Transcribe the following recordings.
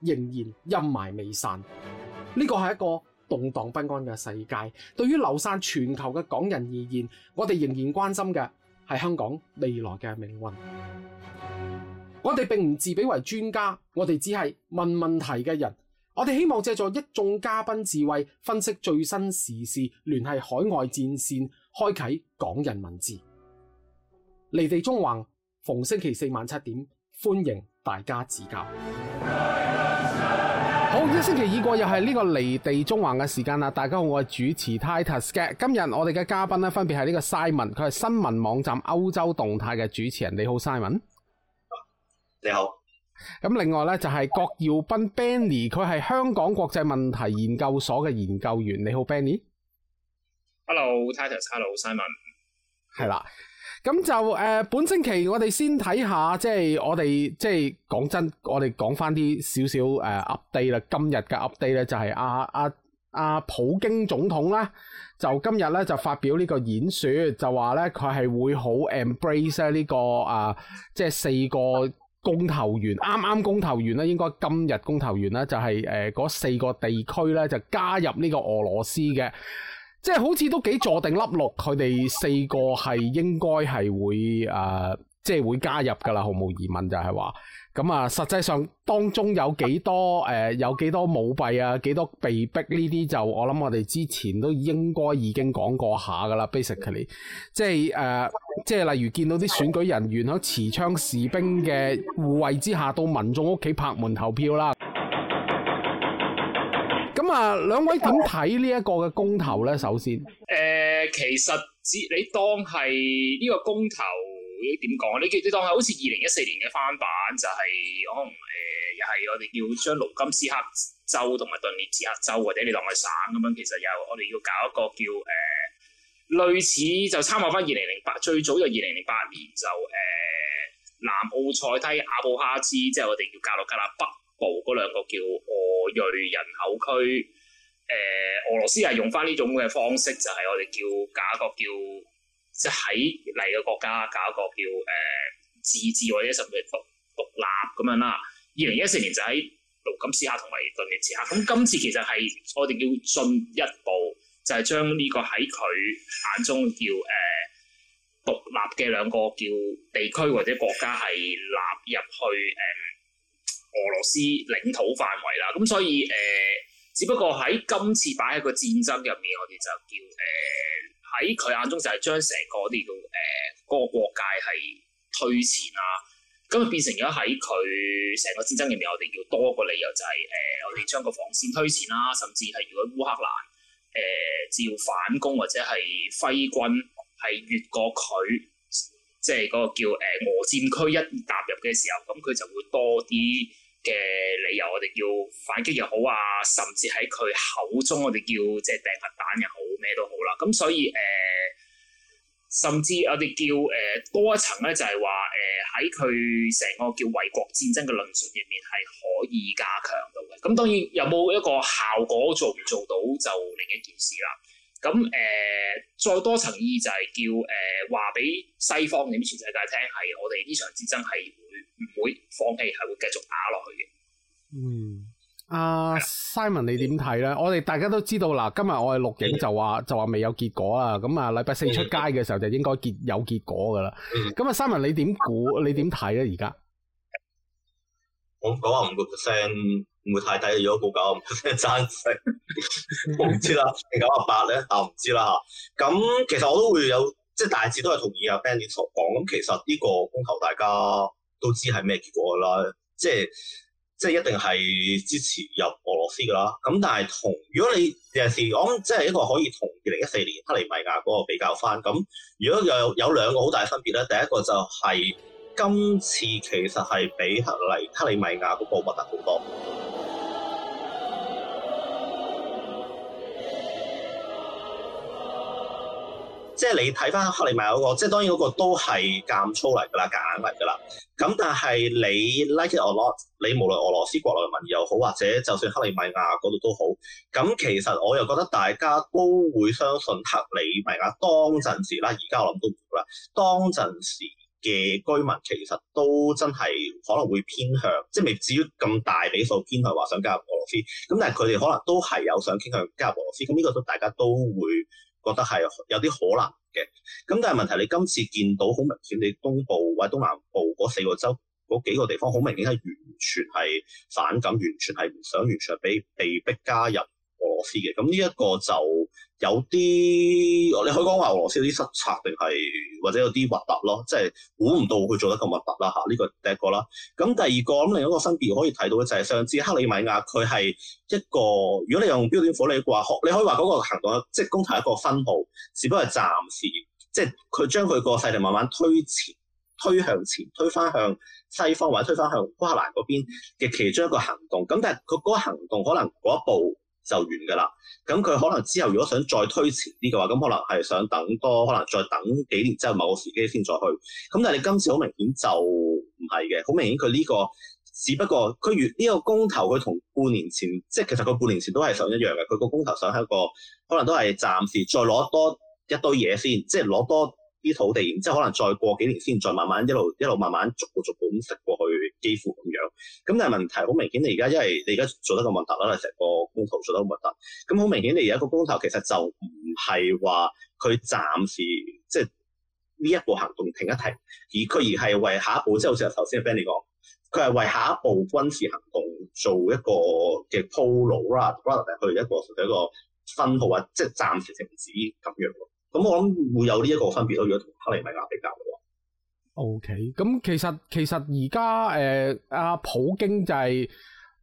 仍然陰霾未散，呢個係一個動盪不安嘅世界。對於流散全球嘅港人而言，我哋仍然關心嘅係香港未來嘅命運。我哋並唔自比為專家，我哋只係問問題嘅人。我哋希望借助一眾嘉賓智慧，分析最新時事，聯繫海外戰線，開啓港人民智。離地縱橫，逢星期四晚七點，歡迎大家指教。好，一星期已過，又係呢個離地縱橫嘅時間啦！大家好，我係主持 Titus 嘅。今日我哋嘅嘉賓咧，分別係呢個 Simon，佢係新聞網站歐洲動態嘅主持人。你好，Simon。你好。咁另外咧就係郭耀斌 Benny，佢係香港國際問題研究所嘅研究員。你好，Benny。Hello, Titus. Hello, Simon。係啦。咁就誒、呃，本星期我哋先睇下，即係我哋即係講真，我哋講返啲少少誒 update 啦。今日嘅 update 咧就係阿阿阿普京總統啦，就今日咧就發表呢個演説，就話咧佢係會好 embrace 呢、呢個啊、呃，即係四個公投完，啱啱公投完咧，應該今日公投完啦，就係誒嗰四個地區咧就加入呢個俄羅斯嘅。即係好似都幾坐定粒六，佢哋四個係應該係會誒，即、呃、係、就是、會加入噶啦，毫無疑問就係話，咁、嗯、啊，實際上當中有幾多誒、呃，有幾多舞弊啊，幾多被逼呢啲就我諗我哋之前都應該已經講過下噶啦，basically，即係誒，即係、呃、例如見到啲選舉人員喺持槍士兵嘅護衛之下到民眾屋企拍門投票啦。咁啊、嗯，兩位點睇呢一個嘅公投呢？首先，誒、呃，其實你當係呢個公投點講？你你，你當係好似二零一四年嘅翻版，就係、是、可能誒，又、呃、係我哋要將盧甘斯克州同埋頓涅茨克州，或者你當係省咁樣。其實又我哋要搞一個叫誒、呃，類似就參考返二零零八，最早就二零零八年就誒、呃、南奧塞梯阿布哈茲，即係我哋要搞到加亞北。部嗰兩個叫俄裔人口區，誒、呃，俄羅斯係用翻呢種嘅方式，就係、是、我哋叫搞一個叫即喺嚟嘅國家搞一個叫誒、呃、自治或者甚至獨獨立咁樣啦。二零一四年就喺盧甘斯克同埋頓涅茨克，咁今次其實係我哋要進一步，就係將呢個喺佢眼中叫誒獨、呃、立嘅兩個叫地區或者國家係納入去誒。呃俄羅斯領土範圍啦，咁所以誒、呃，只不過喺今次擺喺個戰爭入面，我哋就叫誒喺佢眼中就係將成個呢個誒嗰個國界係推前啊，咁就變成咗喺佢成個戰爭入面，我哋要多一個理由就係、是、誒、呃，我哋將個防線推前啦、啊，甚至係如果烏克蘭誒、呃、要反攻或者係揮軍係越過佢。即係嗰個叫誒俄佔區一踏入嘅時候，咁佢就會多啲嘅理由，我哋叫反擊又好啊，甚至喺佢口中我哋叫即係掟核彈又好咩都好啦。咁所以誒、呃，甚至我哋叫誒、呃、多一層咧，就係話誒喺佢成個叫衛國戰爭嘅論述入面係可以加強到嘅。咁當然有冇一個效果做唔做到就另一件事啦。咁誒、呃，再多層意就係叫誒話俾西方點、全世界聽，係我哋呢場戰爭係會唔會放棄，係會繼續打落去嘅。嗯，阿、啊、Simon 你點睇咧？我哋大家都知道啦，今日我哋錄影就話就話未有結果啦。咁啊，禮拜四出街嘅時候就應該結有結果噶啦。咁啊、嗯、，Simon 你點估？你點睇咧？而家、嗯、我講下五個 percent。唔會,會太低，如果報九真係爭西，我唔知啦。九啊八咧，啊唔知啦嚇。咁其實我都會有，即係大致都係同意阿 Benny 所講。咁其實呢個公投大家都知係咩結果噶啦，即係即係一定係支持入俄羅斯噶啦。咁但係同如果你有時我諗，即係一個可以同二零一四年克里米亞嗰個比較翻。咁如果有有兩個好大分別咧，第一個就係、是。今次其實係比克利克里米亞嗰個核突好多，即係你睇翻克里米亞嗰個，即係當然嗰個都係監粗嚟㗎啦，夾硬嚟㗎啦。咁但係你 like it or not，你無論俄羅斯國內嘅民意又好，或者就算克里米亞嗰度都好，咁其實我又覺得大家都會相信克里米亞當陣時啦，而家我諗都唔會啦，當陣時。嘅居民其實都真係可能會偏向，即係未至於咁大比數偏向話想加入俄羅斯，咁但係佢哋可能都係有想傾向加入俄羅斯，咁、這、呢個都大家都會覺得係有啲可能嘅。咁但係問題你今次見到好明顯，你東部或者東南部嗰四個州嗰幾個地方，好明顯係完全係反感，完全係唔想，完全係被被逼加入。俄羅斯嘅。咁呢一個就有啲，你可以講話俄羅斯有啲失策，定係或者有啲核突咯，即係估唔到佢做得咁核突啦吓。呢、這個第一個啦，咁、嗯、第二個咁、嗯、另一個分別可以睇到嘅就係、是，上次克里米亞佢係一個，如果你用標點符號嘅話，可你可以話嗰個行動即係公投一個分部，只不過暫時即係佢將佢個勢力慢慢推前推向前，推翻向，向西方或者推翻向烏克蘭嗰邊嘅其中一個行動。咁但係佢嗰個行動可能嗰一步就完㗎啦，咁佢可能之後如果想再推遲啲嘅話，咁可能係想等多，可能再等幾年之後某個時機先再去。咁但係你今次好明顯就唔係嘅，好明顯佢呢個，只不過佢如呢個公投，佢同半年前即係其實佢半年前都係想一樣嘅，佢個公投想喺一個可能都係暫時再攞多一堆嘢先，即係攞多。啲土地，然之後可能再過幾年先，再慢慢一路一路慢慢逐步逐步咁食過去，幾乎咁樣。咁但係問題好明顯，你而家因為你而家做得咁核突啦，成個公投做得好核突。咁、嗯、好明顯，你而家個公投其實就唔係話佢暫時即係呢一個行動停一停，而佢而係為下一步，即、就、係、是、好似頭先 Benny 講，佢係為下一步軍事行動做一個嘅鋪路啦。或者佢一個佢一個分號啊，即係暫時停止咁樣。咁我諗會有呢一個分別咯，如果同克里米亞比較嘅話。OK，咁其實其實而家誒阿普京就係、是、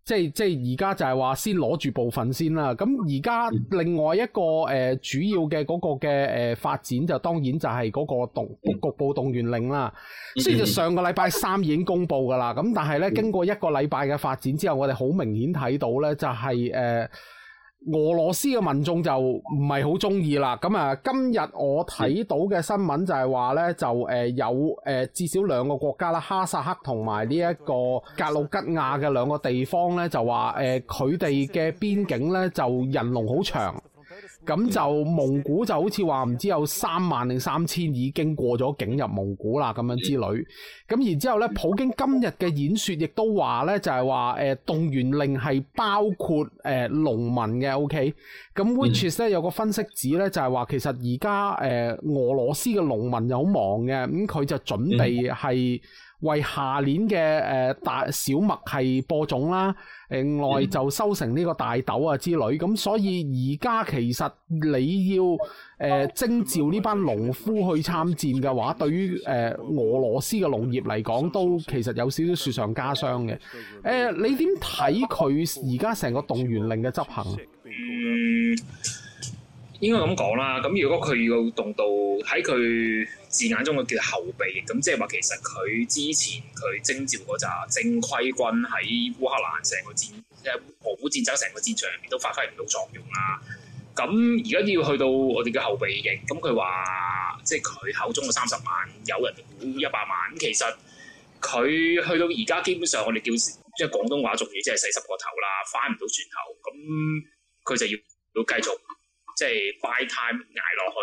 即係即係而家就係話先攞住部分先啦。咁而家另外一個誒、呃、主要嘅嗰個嘅誒發展就當然就係嗰個動局部動員令啦。嗯、雖然就上個禮拜三已經公布噶啦，咁但係咧經過一個禮拜嘅發展之後，嗯、我哋好明顯睇到咧就係、是、誒。呃俄羅斯嘅民眾就唔係好鍾意啦，咁啊今日我睇到嘅新聞就係話呢就誒、呃、有誒、呃、至少兩個國家啦，哈薩克同埋呢一個格魯吉亞嘅兩個地方呢就話誒佢哋嘅邊境呢就人龍好長。咁就蒙古就好似話，唔知有三萬定三千已經過咗境入蒙古啦，咁樣之類，咁然之後咧，普京今日嘅演説亦都話咧，就係話誒動員令係包括誒、呃、農民嘅，OK？咁 Waters 咧有個分析指咧，就係、是、話其實而家誒俄羅斯嘅農民又好忙嘅，咁、嗯、佢就準備係。嗯為下年嘅誒大小麥係播種啦，另外就收成呢個大豆啊之類，咁所以而家其實你要誒徵、呃、召呢班農夫去參戰嘅話，對於誒、呃、俄羅斯嘅農業嚟講，都其實有少少雪上加霜嘅。誒、呃，你點睇佢而家成個動員令嘅執行？嗯應該咁講啦。咁如果佢要動到喺佢字眼中嘅叫後備，咁即係話其實佢之前佢徵召嗰紮正規軍喺烏克蘭成個戰即係俄烏戰爭成個戰場入面都發揮唔到作用啦。咁而家要去到我哋嘅後備役，咁佢話即係佢口中嘅三十萬有人估一百萬，其實佢去到而家基本上我哋叫即係廣東話俗語，即係洗濕個頭啦，翻唔到船頭，咁佢就要要繼續。即係 buy time，捱落去，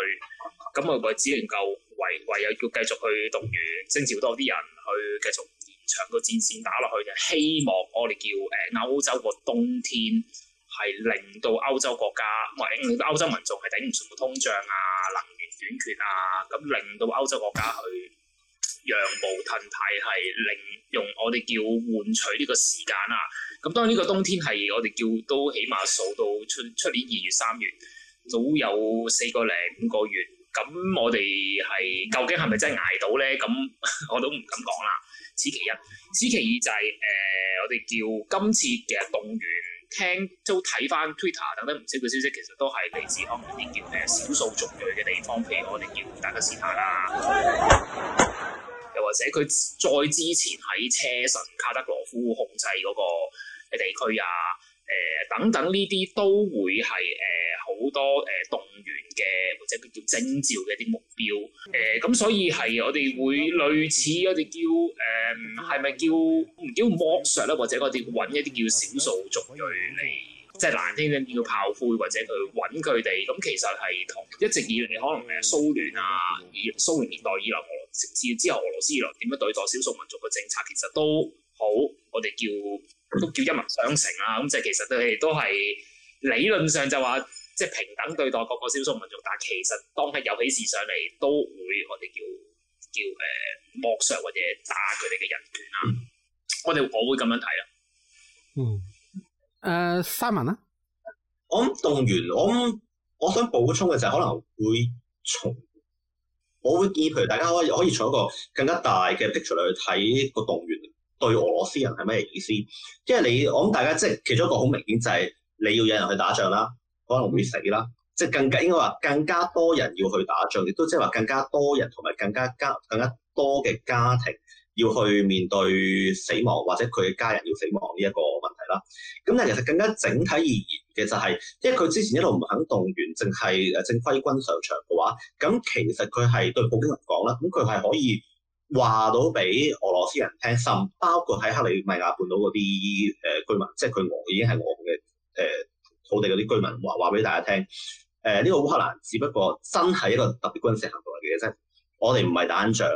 咁我哋只能夠唯唯，唯有要繼續去動員、徵召多啲人去繼續延長個戰線打落去，就希望我哋叫誒歐洲個冬天係令到歐洲國家，唔係令到歐洲民眾係頂唔順個通脹啊、能源短缺啊，咁令到歐洲國家去讓步吞替，係令用我哋叫換取呢個時間啦、啊。咁當然呢個冬天係我哋叫都起碼數到出出年二月三月。早有四個零五個月，咁我哋係究竟係咪真係捱到咧？咁我都唔敢講啦。此其一，此其二就係、是、誒、呃，我哋叫今次嘅動員聽都睇翻 Twitter 等等唔少嘅消息，其實都係嚟自康涅狄叫嘅少數族裔嘅地方，譬如我哋叫達吉斯坦啦、啊，又或者佢再之前喺車臣卡德羅夫控制嗰個地區啊。誒、呃、等等呢啲都會係誒好多誒、呃、動員嘅或者叫徵召嘅一啲目標誒咁、呃，所以係我哋會類似我哋叫誒係咪叫唔叫剝削咧？或者我哋揾一啲叫少數族裔嚟，即係難聽啲叫炮灰，或者去揾佢哋咁。其實係同一直以嚟可能蘇聯啊，蘇聯年代以嚟俄羅斯之之後，俄羅斯以嚟點樣對待少數民族嘅政策，其實都好我哋叫。都叫一文兩城啊。咁即就其實佢哋都係理論上就話即係平等對待各個少數民族，但係其實當係有喜事上嚟，都會我哋叫叫誒剝削或者打佢哋嘅人權啊。我哋我會咁樣睇啦。嗯。誒 Simon 啊，我諗動員我，我想補充嘅就可能會從我會建議譬如大家可以可以從一個更加大嘅 picture 去睇個動員。對俄羅斯人係咩意思？因為你我諗大家即係其中一個好明顯就係你要有人去打仗啦，可能會死啦，即係更加應該話更加多人要去打仗，亦都即係話更加多人同埋更加加更加多嘅家庭要去面對死亡或者佢家人要死亡呢一個問題啦。咁但其實更加整體而言，就係，嘅就係因為佢之前一路唔肯動員，淨係誒正規軍上場嘅話，咁其實佢係對普京嚟講啦，咁佢係可以。話到俾俄羅斯人聽，心，包括喺克里米亞半島嗰啲誒居民，即係佢俄已經係俄嘅誒土地嗰啲居民，話話俾大家聽誒呢個烏克蘭，只不過真係一個特別軍事行動嚟嘅啫。我哋唔係打仗，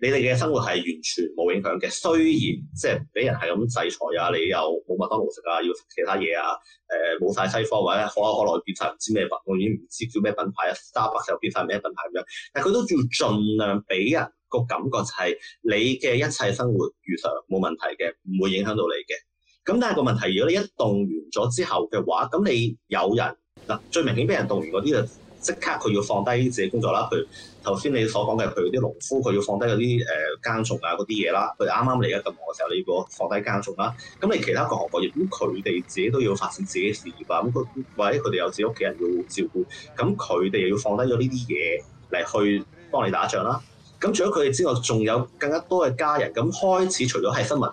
你哋嘅生活係完全冇影響嘅。雖然即係俾人係咁制裁啊，你又冇麥當勞食啊，要食其他嘢啊，誒冇晒西方或者可口可樂變曬唔知咩品，我已經唔知叫咩品牌啦，Starbucks 又變晒咩品牌咁樣，但係佢都要盡量俾人。個感覺就係你嘅一切生活如常，冇問題嘅，唔會影響到你嘅。咁但係個問題，如果你一動員咗之後嘅話，咁你有人嗱最明顯俾人動員嗰啲就即刻佢要放低自己工作啦。譬如頭先你所講嘅，佢啲農夫佢要放低嗰啲誒耕種啊嗰啲嘢啦。佢啱啱嚟一個忙嘅時候，你要放低耕種啦。咁你其他各行各業，咁佢哋自己都要發展自己事業啊。咁佢或者佢哋有自己屋企人要照顧，咁佢哋又要放低咗呢啲嘢嚟去幫你打仗啦。咁除咗佢哋之外，仲有更加多嘅家人。咁開始除咗係新聞，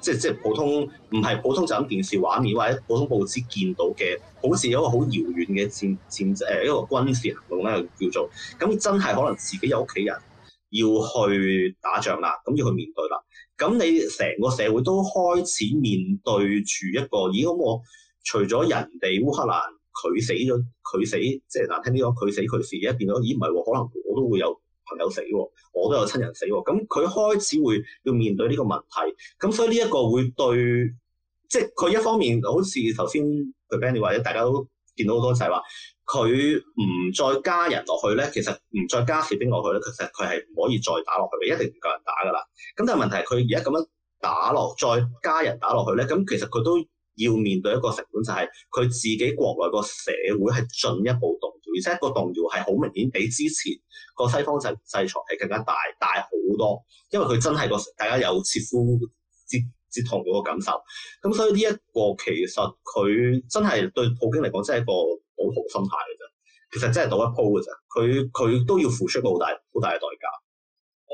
即係即係普通，唔係普通就咁電視畫面或者普通報紙見到嘅，好似有一個好遙遠嘅戰戰誒、呃、一個軍事行動咧，叫做咁真係可能自己有屋企人要去打仗啦，咁要去面對啦。咁你成個社會都開始面對住一個咦？咁我除咗人哋烏克蘭佢死咗，佢死即係難聽啲講佢死佢事，而家變咗，咦？唔係喎，可能我都會有。朋友死喎，我都有親人死喎，咁佢開始會要面對呢個問題，咁所以呢一個會對，即係佢一方面好似頭先佢 Benny 話，即大家都見到好多就係話，佢唔再加人落去咧，其實唔再加士兵落去咧，其實佢係唔可以再打落去，一定唔夠人打噶啦。咁但係問題係佢而家咁樣打落，再加人打落去咧，咁其實佢都，要面對一個成本就係、是、佢自己國內個社會係進一步動搖，而且個動搖係好明顯比之前個西方制裁係更加大大好多，因為佢真係個大家有切膚之痛嗰個感受，咁所以呢一個其實佢真係對普京嚟講真係一個保護心態嘅啫，其實真係賭一鋪嘅啫，佢佢都要付出個好大好大嘅代價。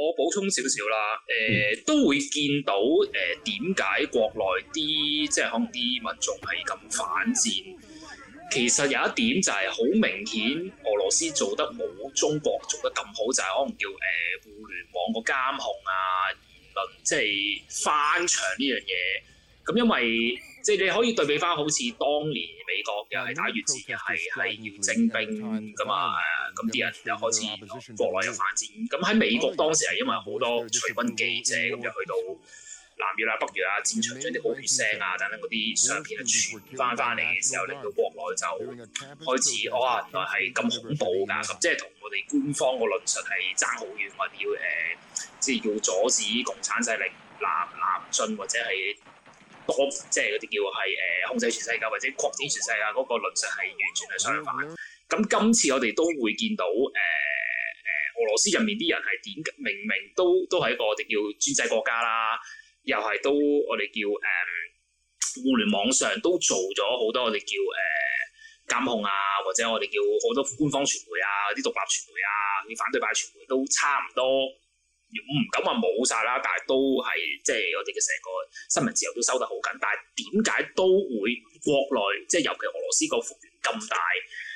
我補充少少啦，誒、呃、都會見到誒點解國內啲即係可能啲民眾係咁反戰，其實有一點就係好明顯，俄羅斯做得冇中國做得咁好，就係、是、可能叫誒、呃、互聯網個監控啊、言論即係翻牆呢樣嘢。咁、嗯、因為即係你可以對比翻，好似當年美國又係打越、啊、戰，又係係要徵兵噶嘛。咁啲人又開始國內有反戰。咁喺美國當時係因為好多隨軍記者咁就去到南越啊、北越啊戰場，將啲好血腥啊等等嗰啲相片啊傳翻翻嚟嘅時候，令到國內就開始哇原來係咁恐怖㗎！即係同我哋官方個論述係爭好遠。我哋要誒、呃，即係要阻止共產勢力南南進或者係。多即係嗰啲叫係誒，控制全世界或者擴展全世界嗰、那個論述係完全係相反。咁今次我哋都會見到誒誒、呃呃、俄羅斯入面啲人係點？明明都都係一個我哋叫專制國家啦，又係都我哋叫誒、嗯、互聯網上都做咗好多我哋叫誒、呃、監控啊，或者我哋叫好多官方傳媒啊、啲獨立傳媒啊、啲反對派傳媒都差唔多。唔敢話冇晒啦，但係都係即係我哋嘅成個新聞自由都收得好緊。但係點解都會國內即係尤其俄羅斯個幅員咁大，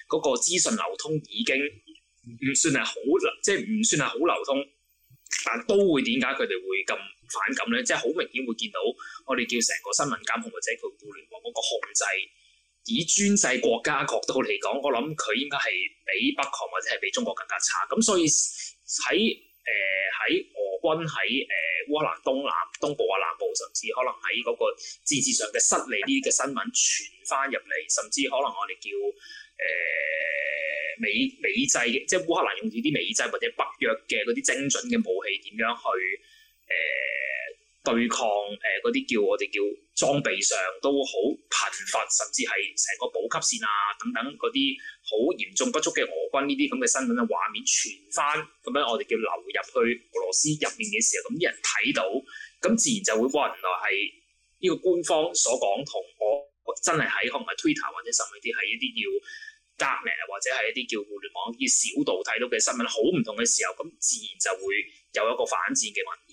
嗰個資訊流通已經唔算係好，即係唔算係好流通。但都會點解佢哋會咁反感咧？即係好明顯會見到我哋叫成個新聞監控或者佢互聯網嗰個控制，以專制國家角度嚟講，我諗佢應該係比北韓或者係比中國更加差。咁所以喺誒喺、呃、俄軍喺誒、呃、烏克蘭東南東部啊南部，甚至可能喺嗰個戰事上嘅失利呢啲嘅新聞傳翻入嚟，甚至可能我哋叫誒、呃、美美製嘅，即係烏克蘭用住啲美製或者北約嘅嗰啲精準嘅武器，點樣去誒、呃、對抗誒嗰啲叫我哋叫裝備上都好貧乏，甚至係成個補給線啊等等嗰啲。好嚴重不足嘅俄軍呢啲咁嘅新聞嘅畫面傳翻咁樣，我哋叫流入去俄羅斯入面嘅時候，咁啲人睇到，咁自然就會話原來係呢個官方所講同我真係喺可能係 Twitter 或者甚至係一啲叫 Telegram 或者係一啲叫互聯網啲小道睇到嘅新聞好唔同嘅時候，咁自然就會有一個反戰嘅民意，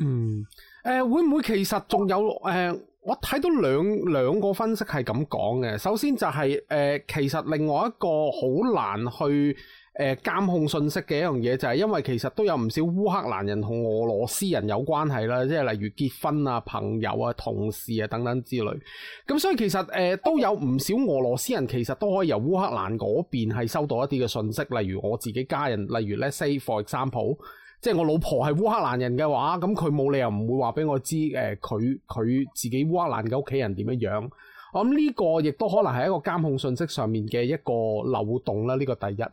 嗯，誒、呃、會唔會其實仲有誒？呃我睇到兩兩個分析係咁講嘅，首先就係、是、誒、呃，其實另外一個好難去誒監、呃、控信息嘅一樣嘢，就係因為其實都有唔少烏克蘭人同俄羅斯人有關係啦，即係例如結婚啊、朋友啊、同事啊等等之類。咁所以其實誒、呃、都有唔少俄羅斯人其實都可以由烏克蘭嗰邊係收到一啲嘅信息，例如我自己家人，例如咧 say for example。即係我老婆係烏克蘭人嘅話，咁佢冇理由唔會話俾我知誒佢佢自己烏克蘭嘅屋企人點樣樣。我諗呢個亦都可能係一個監控信息上面嘅一個漏洞啦。呢個第一，第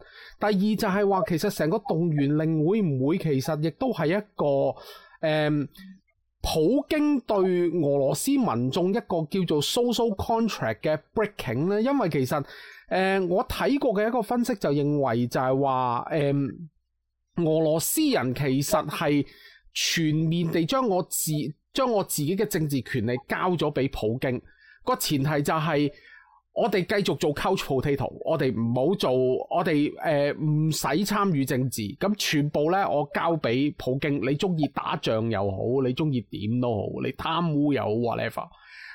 二就係話其實成個動員令會唔會其實亦都係一個誒、嗯、普京對俄羅斯民眾一個叫做 social contract 嘅 breaking 呢？因為其實誒、嗯、我睇過嘅一個分析就認為就係話誒。嗯俄羅斯人其實係全面地將我自將我自己嘅政治權利交咗俾普京，個前提就係、是、我哋繼續做 couch potato，我哋唔好做，我哋誒唔使參與政治，咁全部呢，我交俾普京。你中意打仗又好，你中意點都好，你貪污又好 whatever。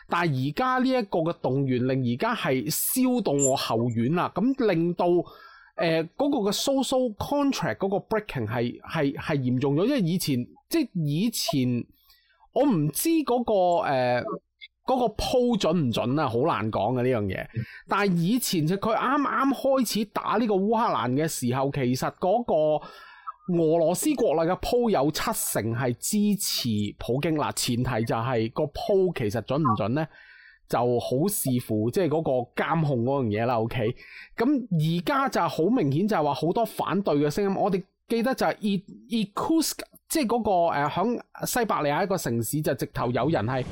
但係而家呢一個嘅動員令而家係燒到我後院啦，咁令到。誒嗰、呃那個嘅 social contract 嗰個 breaking 係係係嚴重咗，因為以前即係以前我唔知嗰、那個誒嗰、呃那個 poll 準唔準啦，好難講嘅呢樣嘢。但係以前其實佢啱啱開始打呢個烏克蘭嘅時候，其實嗰個俄羅斯國內嘅 poll 有七成係支持普京啦、呃。前提就係個 poll 其實準唔準呢？嗯就好視乎即係嗰個監控嗰樣嘢啦，OK？咁而家就好明顯就係話好多反對嘅聲音。我哋記得就係 e 伊庫斯，即係嗰個誒響、呃、西伯利亞一個城市就直頭有人係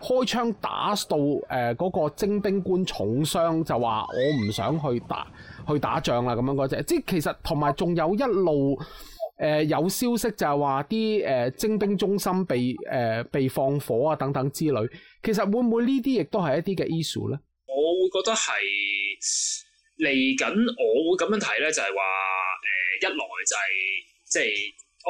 開槍打到誒嗰、呃那個徵兵官重傷，就話我唔想去打去打仗啦咁樣嗰隻、那個。即係其實同埋仲有一路。誒、呃、有消息就係話啲誒徵兵中心被誒、呃、被放火啊等等之類，其實會唔會呢啲亦都係一啲嘅 issue 咧？我，我會覺得係嚟緊，我會咁樣睇咧，就係話誒一來就係、是、即係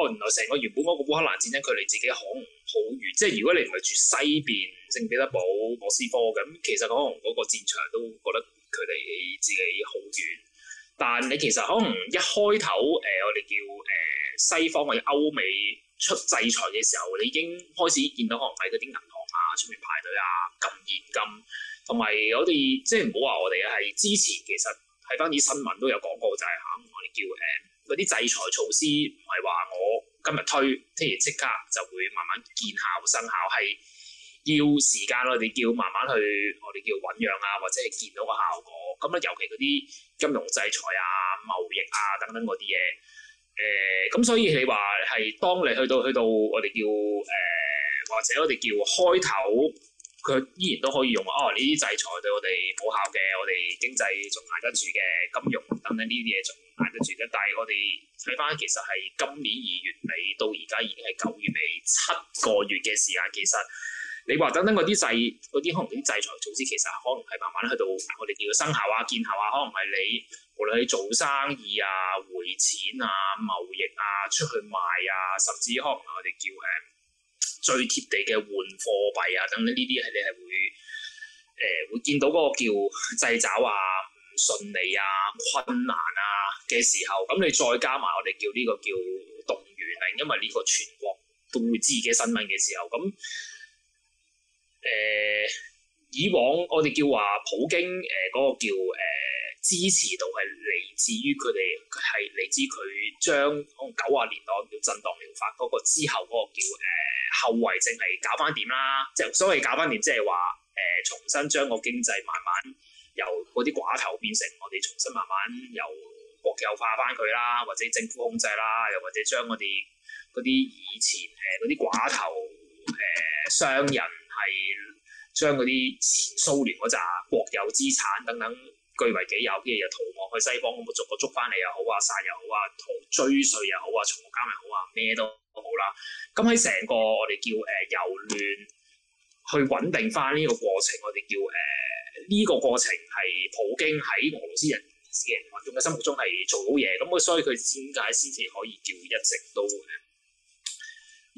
哦原來成個原本嗰個烏克蘭戰爭佢離自己可能好遠，即係如果你唔係住西邊聖彼得堡、莫斯科咁，其實可能嗰個戰場都覺得佢離自己好遠。但你其實可能一開頭誒、呃，我哋叫誒、呃、西方或者歐美出制裁嘅時候，你已經開始見到可能係嗰啲銀行啊出面排隊啊禁現金，同埋我哋即係唔好話我哋係之前。其實睇翻啲新聞都有講過就係、是、嚇、呃，我哋叫誒嗰啲制裁措施唔係話我今日推，聽日即刻就會慢慢見效生效係。要時間咯，我哋叫慢慢去，我哋叫醖釀啊，或者見到個效果。咁咧，尤其嗰啲金融制裁啊、貿易啊等等嗰啲嘢，誒、呃，咁所以你話係當你去到去到我哋叫誒、呃，或者我哋叫開頭，佢依然都可以用哦。呢啲制裁對我哋冇效嘅，我哋經濟仲捱得住嘅，金融等等呢啲嘢仲捱得住嘅。但係我哋睇翻其實係今年二月尾到而家已經係九月尾七個月嘅時間，其實。你話等等嗰啲制啲可能啲制裁措施，其實可能係慢慢去到我哋叫生效啊、見效啊。可能係你無論你做生意啊、匯錢啊、貿易啊、出去賣啊，甚至可能我哋叫誒、啊、最貼地嘅換貨幣啊，等等呢啲係你係會誒、呃、會見到嗰個叫掣肘啊、唔順利啊、困難啊嘅時候。咁你再加埋我哋叫呢個叫動員令，因為呢個全國都會知嘅新聞嘅時候咁。誒、呃、以往我哋叫話普京誒嗰、呃那個叫誒、呃、支持度係嚟自於佢哋，佢係嚟自佢將九十年代叫震盪療法嗰個之後嗰個叫誒、呃、後遺症係搞翻掂啦。即係所謂搞翻掂，即係話誒重新將個經濟慢慢由嗰啲寡頭變成我哋重新慢慢由國有化翻佢啦，或者政府控制啦，又或者將我哋嗰啲以前誒嗰啲寡頭誒、呃、商人。係將嗰啲前蘇聯嗰紮國有資產等等據為己有，啲嘢又逃亡去西方，咁我逐個捉翻嚟又好啊，殺又好啊，同追稅又好啊，充公又好啊，咩都好啦。咁喺成個我哋叫誒由亂去穩定翻呢個過程，我哋叫誒呢、呃呢個過程係普京喺俄羅斯人嘅民眾嘅心目中係做到嘢，咁啊所以佢點解先至可以叫一直都、呃、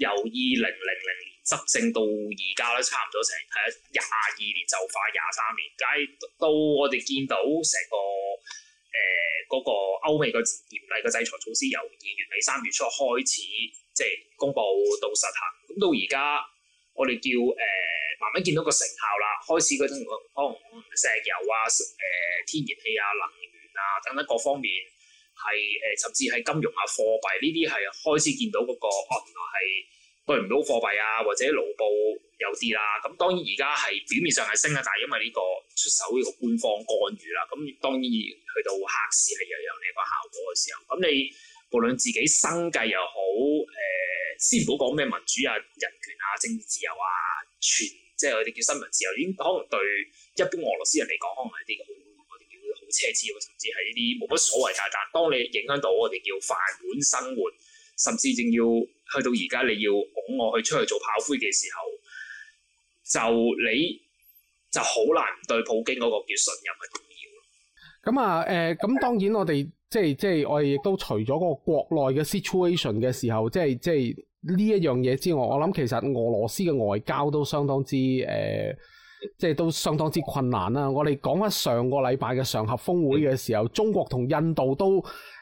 由二零零零。執政到而家咧，差唔多成係廿二年，就快廿三年。咁到我哋見到成個誒嗰、呃那個歐美嘅嚴厲嘅制裁措施，由二月尾三月初開始即係公布到實行，咁到而家我哋叫誒、呃、慢慢見到個成效啦。開始嗰種可能石油啊、誒、呃、天然氣啊、能源啊等等各方面係誒、呃，甚至係金融啊、貨幣呢啲係開始見到嗰、那個哦，原來係。兌唔到貨幣啊，或者盧布有啲啦。咁、嗯、當然而家係表面上係升啊，但係因為呢個出手呢個官方干預啦，咁、嗯、當然去到客市係又有呢個效果嘅時候。咁、嗯、你無論自己生計又好，誒、呃、先唔好講咩民主啊、人權啊、政治自由啊、全即係我哋叫新聞自由，已經可能對一般俄羅斯人嚟講，可能係啲好我哋叫好奢侈，甚至係呢啲冇乜所謂㗎。但係當你影響到我哋叫飯碗生活。甚至正要去到而家，你要拱我去出去做炮灰嘅時候，就你就好難對普京嗰個叫信任嘅動搖。咁啊，誒、呃、咁當然我哋即係即係我哋亦都除咗嗰個國內嘅 situation 嘅時候，即係即係呢一樣嘢之外，我諗其實俄羅斯嘅外交都相當之誒、呃、即係都相當之困難啦、啊。我哋講翻上個禮拜嘅上合峰會嘅時候，中國同印度都。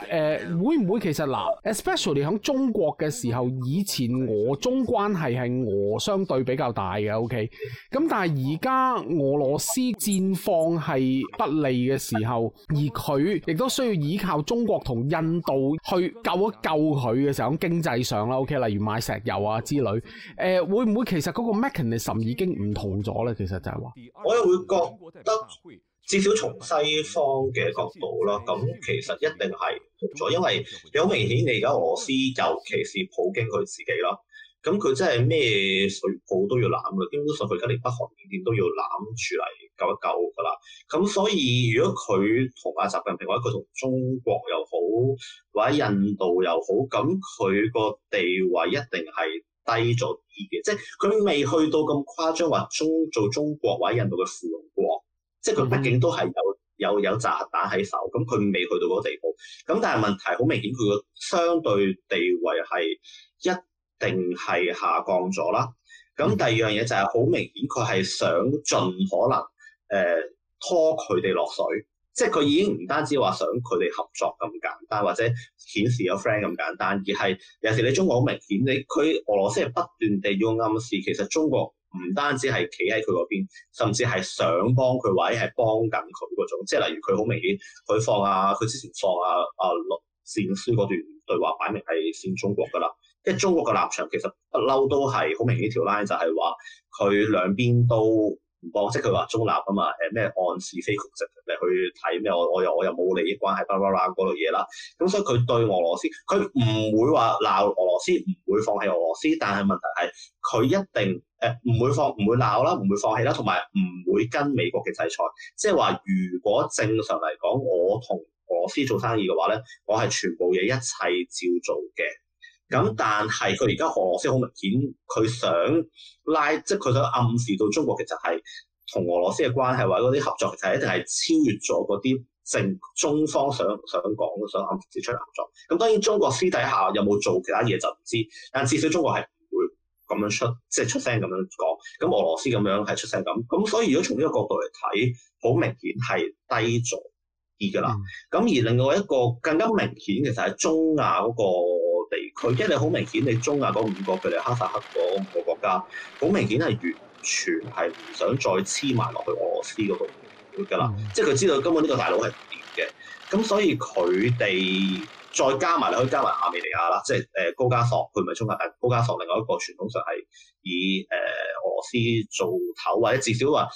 誒、呃，會唔會其實嗱，especially 喺中國嘅時候，以前俄中關係係俄相對比較大嘅，OK，咁但係而家俄羅斯戰況係不利嘅時候，而佢亦都需要依靠中國同印度去救一救佢嘅時候，咁經濟上啦，OK，例如買石油啊之類，誒、呃，會唔會其實嗰個 mechanism 已經唔同咗呢？其實就係話，我又會覺至少從西方嘅角度啦，咁其實一定係好咗，因為有明顯你而家俄羅斯，尤其是普京佢自己啦，咁佢真係咩水泡都要攬嘅，基本上佢而家連北韓面邊都要攬住嚟救一救㗎啦。咁所以如果佢同阿習近平或者佢同中國又好，或者印度又好，咁佢個地位一定係低咗啲嘅，即係佢未去到咁誇張話中做中國或者印度嘅附庸國。即係佢畢竟都係有有有炸核彈喺手，咁佢未去到嗰個地步。咁但係問題好明顯，佢個相對地位係一定係下降咗啦。咁第二樣嘢就係好明顯，佢係想盡可能誒、呃、拖佢哋落水。即係佢已經唔單止話想佢哋合作咁簡單，或者顯示有 friend 咁簡單，而係尤其你中國好明顯你，你佢俄羅斯係不斷地要暗示其實中國。唔單止係企喺佢嗰邊，甚至係想幫佢，位係幫緊佢嗰種。即係例如佢好明顯，佢放啊，佢之前放啊啊栗戰書嗰段對話，擺明係煽中國㗎啦。即係中國嘅立場，其實不嬲都係好明顯條 line，就係話佢兩邊都。哦、即係佢話中立啊嘛，誒咩按是非曲直嚟去睇咩，我我又我又冇利益關係巴拉啦嗰類嘢啦，咁、嗯、所以佢對俄羅斯佢唔會話鬧俄羅斯，唔會放棄俄羅斯，但係問題係佢一定誒唔、呃、會放唔會鬧啦，唔會放棄啦，同埋唔會跟美國嘅制裁，即係話如果正常嚟講，我同俄羅斯做生意嘅話咧，我係全部嘢一切照做嘅。咁但係佢而家俄羅斯好明顯，佢想拉，即係佢想暗示到中國其實係同俄羅斯嘅關係或者嗰啲合作，其實一定係超越咗嗰啲正中方想想講想暗示出嚟合作。咁當然中國私底下有冇做其他嘢就唔知，但至少中國係唔會咁樣出，即係出聲咁樣講。咁俄羅斯咁樣係出聲咁，咁所以如果從呢個角度嚟睇，好明顯係低咗啲㗎啦。咁、嗯、而另外一個更加明顯嘅就係中亞嗰個。佢即係好明顯，你中亞嗰五個佢哋哈薩克嗰五個國家，好明顯係完全係唔想再黐埋落去俄羅斯嗰度㗎啦。嗯、即係佢知道根本呢個大佬係點嘅，咁所以佢哋再加埋你可以加埋亞美尼亞啦，即係誒高加索。佢唔係中亞？誒高加索另外一個傳統上係以誒俄羅斯做頭，或者至少話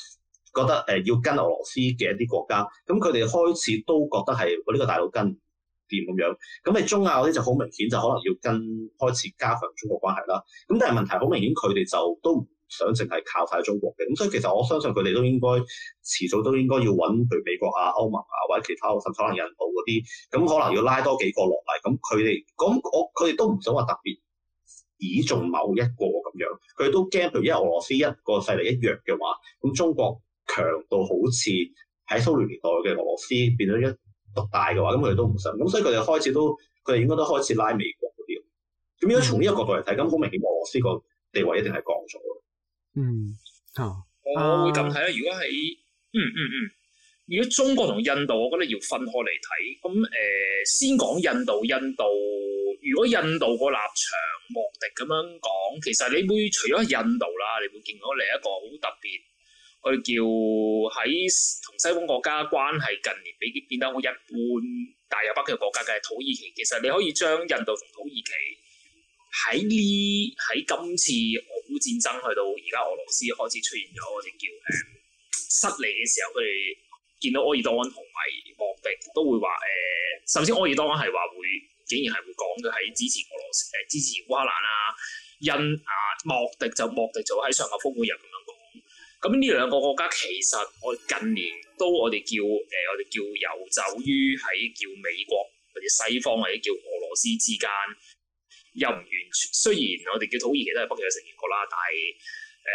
覺得誒要跟俄羅斯嘅一啲國家。咁佢哋開始都覺得係我呢個大佬跟。掂咁樣，咁誒中亞嗰啲就好明顯就可能要跟開始加強中國關係啦。咁但係問題好明顯，佢哋就都唔想淨係靠晒中國嘅。咁所以其實我相信佢哋都應該遲早都應該要揾佢美國啊、歐盟啊或者其他甚至可能印度嗰啲，咁可能要拉多幾個落嚟。咁佢哋咁我佢哋都唔想話特別倚重某一個咁樣，佢哋都驚譬如因為俄羅斯一個勢力一弱嘅話，咁中國強到好似喺蘇聯年代嘅俄羅斯變咗一大嘅話，咁佢哋都唔信，咁，所以佢哋開始都佢哋應該都開始拉美國嗰啲咁。如果從呢個角度嚟睇，咁好、嗯、明顯俄羅斯個地位一定係降咗咯。嗯啊，哦、我會咁睇啦。如果喺嗯嗯嗯，如果中國同印度，我覺得要分開嚟睇咁。誒、呃，先講印度，印度如果印度個立場莫迪咁樣講，其實你會除咗印度啦，你會見到另一個好特別。佢叫喺同西方國家關係近年比變得好一般，但有北極國家嘅土耳其。其實你可以將印度同土耳其喺呢喺今次俄烏戰爭去到而家，俄羅斯開始出現咗我哋叫誒失利嘅時候，佢哋見到埃爾多安同埋莫迪都會話誒，甚至埃爾多安係話會竟然係會講嘅喺支持俄羅斯誒支持烏克蘭啊。印啊莫迪就莫迪就喺上個峰會日咁呢兩個國家其實我近年都我哋叫誒、呃，我哋叫遊走於喺叫美國或者西方或者叫俄羅斯之間，又唔完全。雖然我哋叫土耳其都係北約成員國啦，但係誒、呃、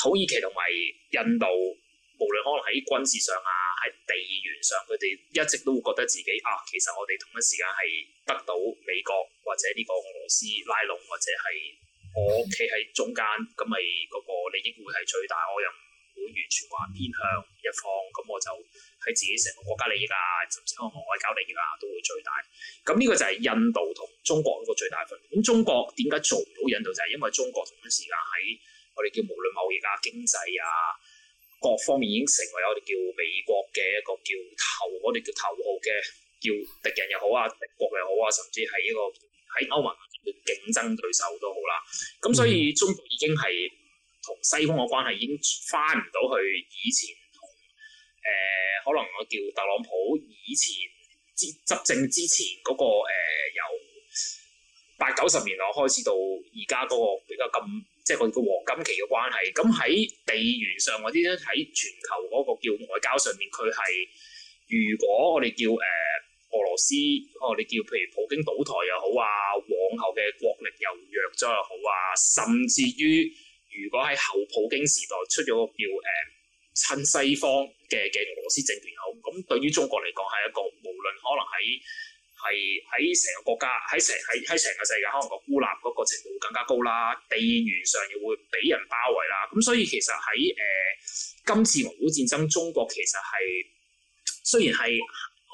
土耳其同埋印度，無論可能喺軍事上啊，喺地緣上，佢哋一直都會覺得自己啊，其實我哋同一時間係得到美國或者呢個俄羅斯拉攏，或者係。我企喺中間咁，咪嗰個利益會係最大。我又唔會完全話偏向一方，咁我就喺自己成個國家利益啦、啊，甚至我我哋外交利益啦、啊，都會最大。咁呢個就係印度同中國嗰個最大分別。咁中國點解做唔到印度？就係、是、因為中國同一時間啊，喺我哋叫無論貿易啊、經濟啊各方面已經成為我哋叫美國嘅一個叫頭，我哋叫頭號嘅叫敵人又好啊、敵國又好啊，甚至係一個喺歐盟競爭對手都好啦，咁所以中國已經係同西方嘅關係已經翻唔到去以前同，誒、呃，可能我叫特朗普以前執執政之前嗰、嗰個、呃、由八九十年代開始到而家嗰個比較金，即係佢嘅黃金期嘅關係。咁喺地緣上或者喺全球嗰個叫外交上面，佢係如果我哋叫誒。呃俄羅斯，哦，你叫譬如普京倒台又好啊，往後嘅國力又弱咗又好啊，甚至於如果喺後普京時代出咗個叫誒、呃、親西方嘅嘅俄羅斯政權又好，咁對於中國嚟講係一個無論可能喺喺喺成個國家喺成喺喺成個世界可能個孤立嗰個程度會更加高啦，地緣上又會俾人包圍啦，咁所以其實喺誒、呃、今次俄烏戰爭，中國其實係雖然係。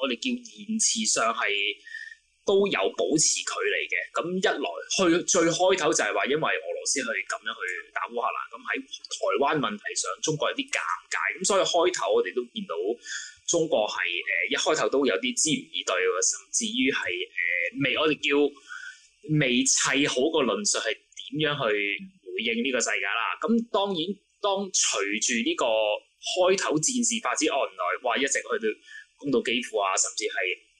我哋叫言辭上係都有保持距離嘅。咁一來去最開頭就係話，因為俄羅斯去咁樣去打烏克蘭，咁喺台灣問題上，中國有啲尷尬。咁所以開頭我哋都見到中國係誒一開頭都有啲支吾以對，甚至於係誒未我哋叫未砌好個論述，係點樣去回應呢個世界啦。咁當然當隨住呢個開頭戰事發展按來，哇，一直去到。攻到幾乎啊，甚至係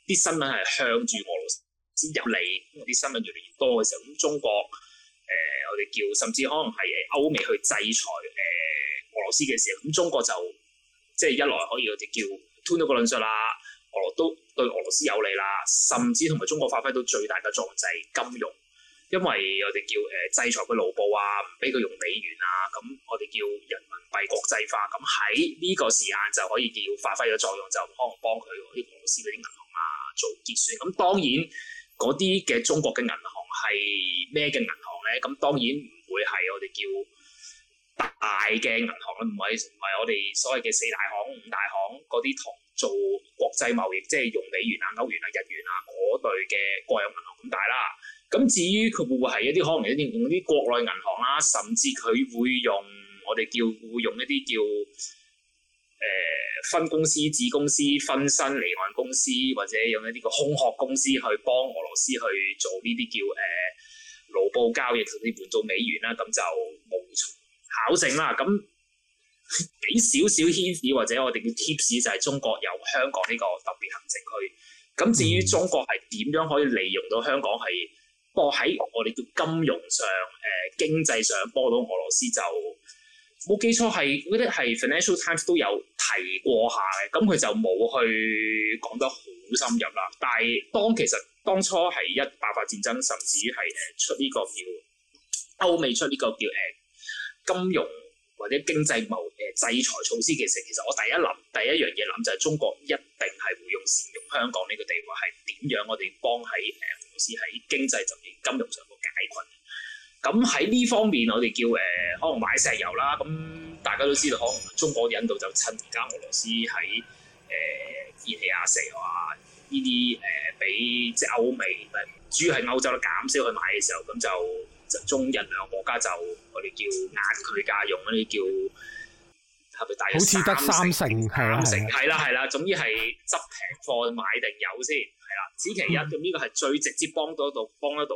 啲新聞係向住俄羅斯先有利，咁啲新聞越嚟越多嘅時候，咁中國誒、呃、我哋叫，甚至可能係歐美去制裁誒、呃、俄羅斯嘅時候，咁中國就即係一來可以我哋叫 turn 到個論述啦，俄羅都對俄羅斯有利啦，甚至同埋中國發揮到最大嘅作用就係金融。因為我哋叫誒制裁佢盧布啊，唔俾佢用美元啊，咁我哋叫人民幣國際化，咁喺呢個時間就可以叫發揮咗作用，就可能幫佢啲公司、啲銀行啊做結算。咁當然嗰啲嘅中國嘅銀行係咩嘅銀行咧？咁當然唔會係我哋叫大嘅銀行啦，唔係唔係我哋所謂嘅四大行、五大行嗰啲同做國際貿易，即係用美元啊、歐元啊、日元啊嗰類嘅國有銀行咁大啦。咁至於佢會唔會係一啲可能一定用啲國內銀行啦、啊，甚至佢會用我哋叫會用一啲叫誒、呃、分公司、子公司、分身離岸公司，或者用一啲個空殼公司去幫俄羅斯去做呢啲叫誒盧布交易，甚至換做美元啦、啊，咁就冇從考證啦。咁俾少少 hint 或者我哋叫 tips 就係中國由香港呢個特別行政區。咁至於中國係點樣可以利用到香港係？播喺我哋叫金融上，誒經濟上幫到俄羅斯就冇記錯係嗰啲係 Financial Times 都有提過下嘅，咁佢就冇去講得好深入啦。但係當其實當初係一爆發戰爭，甚至於係出呢個叫歐美出呢個叫誒金融或者經濟謀誒制裁措施時，其實其實我第一諗第一樣嘢諗就係中國一定係會用善用香港呢個地位，係點樣我哋幫喺誒。喺經濟上面金融上個解困，咁喺呢方面我哋叫誒、呃，可能買石油啦。咁、嗯、大家都知道，可能中國印度就趁而家俄羅斯喺誒液氣壓、啊、石油啊呢啲誒，比即歐美主要係歐洲都減少去買嘅時候，咁就，就中印兩個國家就我哋叫壓佢家用啲叫。好似得三成，係啦係啦，總之係執平貨買定油先，係啦。此其一咁呢個係最直接幫到到幫得到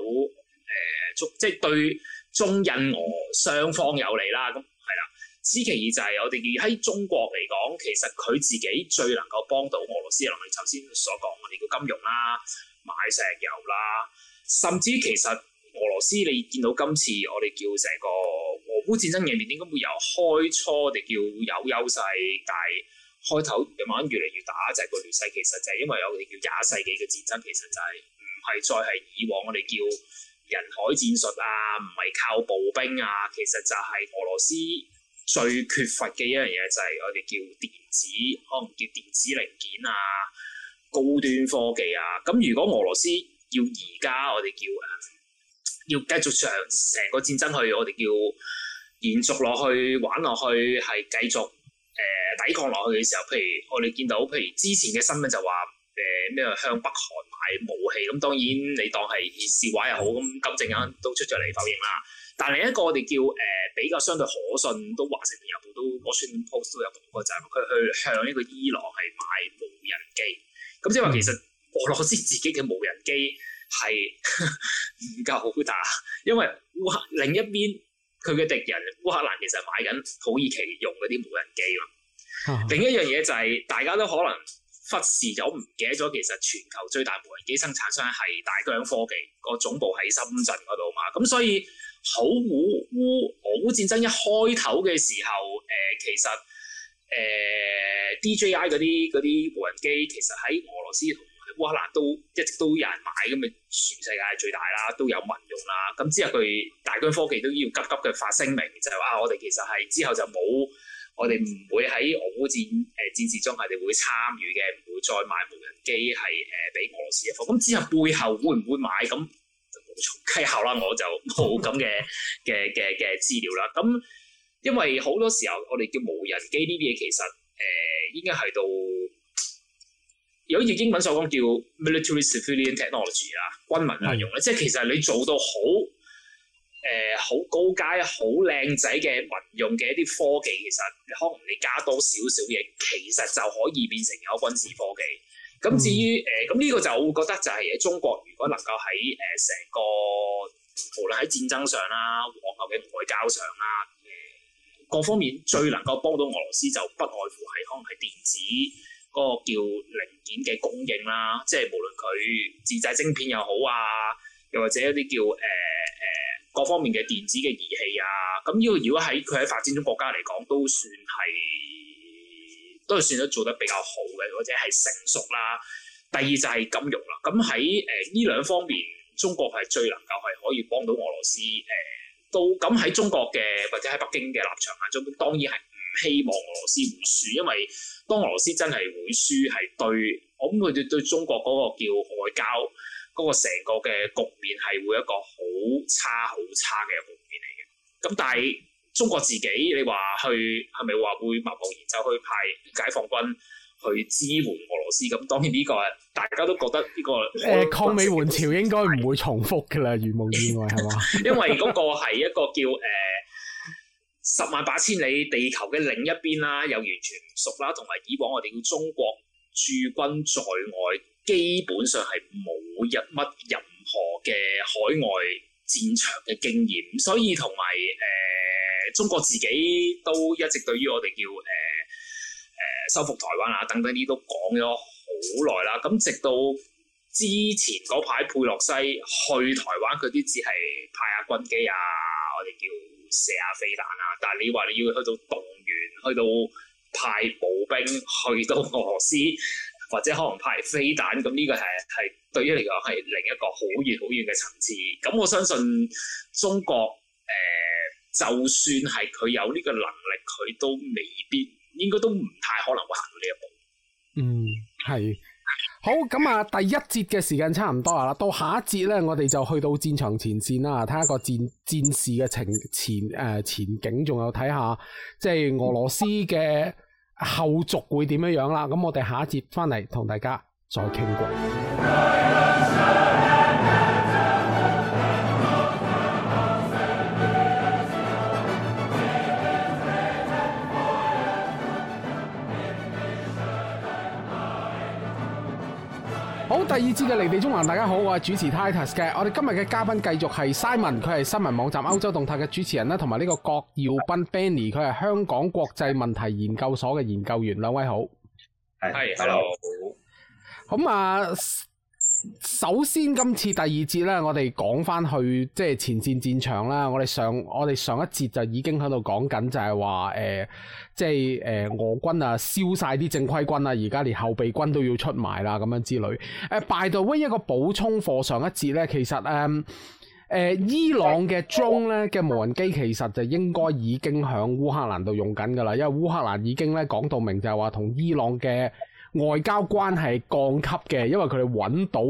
誒中，即係對中印俄雙方有利啦。咁係啦，此其二就係我哋喺中國嚟講，其實佢自己最能夠幫到俄羅斯，例如頭先所講我哋叫金融啦、買石油啦，甚至其實俄羅斯你見到今次我哋叫成個。烏戰爭入面點解會由開初我哋叫有優勢，但係開頭慢慢越嚟越打就係個劣勢，其實就係因為我哋叫廿世紀嘅戰爭其實就係唔係再係以往我哋叫人海戰術啊，唔係靠步兵啊，其實就係俄羅斯最缺乏嘅一樣嘢就係、是、我哋叫電子，可能叫電子零件啊、高端科技啊。咁如果俄羅斯要而家我哋叫誒，要繼續上成個戰爭去我哋叫。延續落去玩落去，係繼續誒、呃、抵抗落去嘅時候，譬如我哋見到，譬如之前嘅新聞就話誒咩向北韓買武器，咁當然你當係説話又好，咁金正恩都出咗嚟否認啦。但另一個我哋叫誒、呃、比較相對可信，都華盛頓郵報都 Washington Post 都有講就係、是、佢去向呢個伊朗係買無人機，咁即係話其實俄羅斯自己嘅無人機係唔夠好打，因為另一邊。佢嘅敵人烏克蘭其實買緊土耳其用嗰啲無人機，呵呵，另一樣嘢就係、是、大家都可能忽視咗，唔記得咗，其實全球最大無人機生產商係大疆科技，那個總部喺深圳嗰度嘛。咁所以，好烏烏俄烏戰爭一開頭嘅時候，誒、呃、其實誒 DJI 嗰啲嗰啲無人機其實喺俄羅斯。哇！嗱，都一直都有人買咁嘅，全世界最大啦，都有民用啦。咁之後佢大疆科技都要急急嘅發聲明，就係話我哋其實係之後就冇，我哋唔會喺俄烏戰誒、呃、戰事中係哋會參與嘅，唔會再買無人機係誒俾俄羅斯嘅貨。咁之後背後會唔會買咁？就從稽考啦，我就冇咁嘅嘅嘅嘅資料啦。咁因為好多時候我哋叫無人機呢啲嘢，其實誒、呃、應該係到。有句英文所講叫 Military Civilian Technology 啊，軍民兩用咧，嗯、即係其實你做到好誒好高階、好靚仔嘅民用嘅一啲科技，其實你可能你加多少少嘢，其實就可以變成有軍事科技。咁至於誒咁呢個就我會覺得就係、誒、喺中國如果能夠喺誒成個無論喺戰爭上啦、啊、往後嘅外交上啊各方面，最能夠幫到俄羅斯就不外乎係可能係電子。嗰個叫零件嘅供應啦，即係無論佢自製晶片又好啊，又或者一啲叫誒誒、呃、各方面嘅電子嘅儀器啊，咁呢個如果喺佢喺發展中國家嚟講都，都算係都係算得做得比較好嘅，或者係成熟啦。第二就係金融啦，咁喺誒呢兩方面，中國係最能夠係可以幫到俄羅斯誒都。咁、呃、喺中國嘅或者喺北京嘅立場眼中，當然係唔希望俄羅斯唔輸，因為當俄羅斯真係會輸，係對我諗佢哋對中國嗰個叫外交嗰、嗰個成個嘅局面係會一個好差好差嘅局面嚟嘅。咁但係中國自己你，你話去係咪話會默無言就去派解放軍去支援俄羅斯？咁當然呢、呢個大家都覺得呢、呢個誒、呃、抗美援朝應該唔會重複㗎啦，毋庸置疑係嘛？因為嗰個係一個叫誒。呃十萬八千里地球嘅另一邊啦，又完全唔熟啦，同埋以往我哋叫中國駐軍在外，基本上係冇一乜任何嘅海外戰場嘅經驗，所以同埋誒中國自己都一直對於我哋叫誒誒、呃呃、收復台灣啊等等啲都講咗好耐啦。咁直到之前嗰排佩洛西去台灣，佢啲只係派下軍機啊。射下飛彈啊！但係你話你要去到動員，去到派步兵，去到俄羅斯，或者可能派飛彈，咁呢個係係對於嚟講係另一個好遠好遠嘅層次。咁我相信中國誒、呃，就算係佢有呢個能力，佢都未必，應該都唔太可能會行呢一步。嗯，係。好咁啊！第一節嘅時間差唔多啊啦，到下一節呢，我哋就去到戰場前線啦，睇下個戰戰士嘅情前誒、呃、前景，仲有睇下即係俄羅斯嘅後續會點樣樣啦。咁我哋下一節翻嚟同大家再傾過。 第二節嘅離地縱橫，大家好，我係主持 Titus 嘅，我哋今日嘅嘉賓繼續係 Simon，佢係新聞網站歐洲動態嘅主持人啦，同埋呢個郭耀斌 Benny，佢係香港國際問題研究所嘅研究員，兩位好，係 Yes ,，hello，咁啊，首先今次第二節呢，我哋講翻去即係、就是、前線戰，戰場啦，我哋上我哋上一節就已經喺度講緊就係話誒。呃即係誒俄軍啊，燒晒啲正規軍啊，而家連後備軍都要出埋啦，咁樣之類。誒、uh,，By the way，一個補充課上一節呢，其實誒誒、uh, 呃、伊朗嘅中咧嘅無人機，其實就應該已經喺烏克蘭度用緊噶啦，因為烏克蘭已經咧講到明，就係話同伊朗嘅外交關係降級嘅，因為佢哋揾到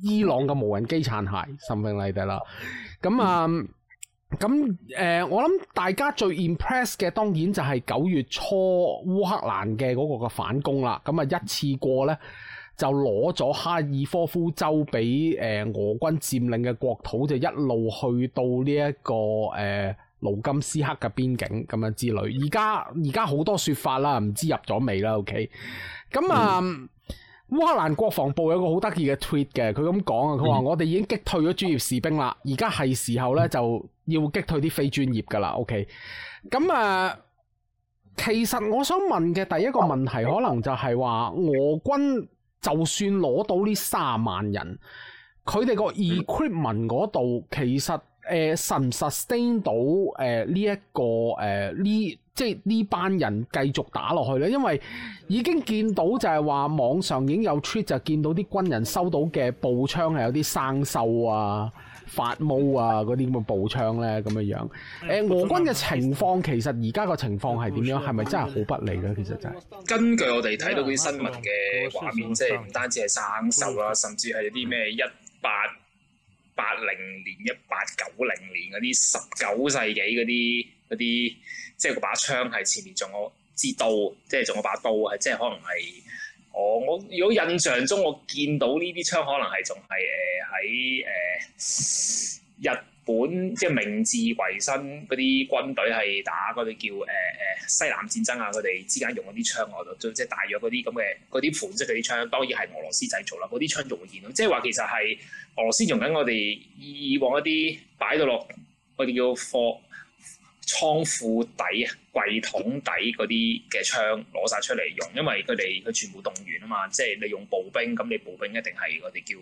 伊朗嘅無人機殘骸，甚明嚟哋啦。咁啊～、uh, 咁誒、呃，我諗大家最 impress 嘅，當然就係九月初烏克蘭嘅嗰個嘅反攻啦。咁啊，一次過呢，就攞咗哈爾科夫州俾誒、呃、俄軍佔領嘅國土，就一路去到呢、這、一個誒盧甘斯克嘅邊境咁樣之類。而家而家好多說法啦，唔知入咗未啦？OK，咁啊。呃嗯烏克蘭國防部有個好得意嘅 tweet 嘅，佢咁講啊，佢話我哋已經擊退咗專業士兵啦，而家係時候咧就要擊退啲非專業噶啦，OK？咁啊、呃，其實我想問嘅第一個問題，可能就係話，俄軍就算攞到呢三十萬人，佢哋個 equipment 嗰度其實誒實唔實 sustain 到誒呢一個誒呢、呃、即係呢班人繼續打落去咧，因為已經見到就係話網上已經有 tweet 就見到啲軍人收到嘅步槍係有啲生鏽啊、發毛啊嗰啲咁嘅步槍咧咁嘅樣。誒、呃、俄軍嘅情況其實而家個情況係點樣？係咪真係好不利咧？其實就係根據我哋睇到啲新聞嘅畫面，即係唔單止係生鏽啊，甚至係啲咩一八。八零年、一八九零年嗰啲十九世紀嗰啲嗰啲，即係嗰把槍係前面仲有支刀，即係仲有把刀，係即係可能係我我如果印象中我見到呢啲槍，可能係仲係誒喺誒日本即係明治維新嗰啲軍隊係打嗰啲叫誒誒西南戰爭啊，佢哋之間用嗰啲槍我覺得，即係大約嗰啲咁嘅嗰啲款式嗰啲槍，當然係俄羅斯製造啦。嗰啲槍仲會見到，即係話其實係俄羅斯用緊我哋以往一啲擺到落我哋叫貨倉庫底、櫃桶底嗰啲嘅槍攞晒出嚟用，因為佢哋佢全部動員啊嘛。即係你用步兵，咁你步兵一定係我哋叫。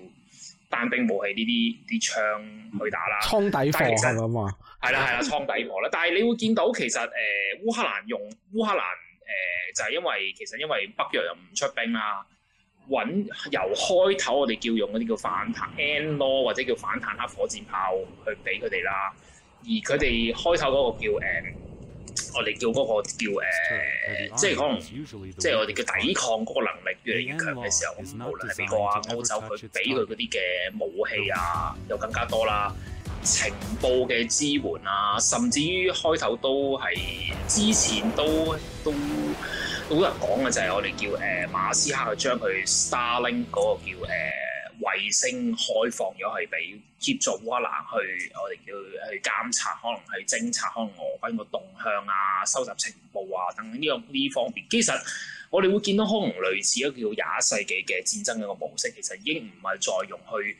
單兵武器呢啲啲槍去打啦，倉底貨咁啊，係啦，係啦，倉底貨啦。但係你會見到其實誒、呃、烏克蘭用烏克蘭誒、呃、就係、是、因為其實因為北約又唔出兵啦，揾由開頭我哋叫用嗰啲叫反彈 N 咯，law, 或者叫反坦克火箭炮去俾佢哋啦。而佢哋開頭嗰個叫誒。我哋叫嗰個叫誒，呃、即係可能即係我哋嘅抵抗嗰個能力越嚟越強嘅時候，無論係美國啊、歐洲，佢俾佢嗰啲嘅武器啊，有又更加多啦，情報嘅支援啊，甚至於開頭都係之前都都好多人講嘅，就係我哋叫誒馬斯克去將佢 Starlink 嗰個叫誒。呃衛星開放咗係俾協助烏蘭去，我哋叫去監察，可能去偵察，可能俄軍個動向啊，收集情報啊等等呢個呢方面。其實我哋會見到可能類似一個叫廿一世紀嘅戰爭嘅個模式，其實已經唔係再用去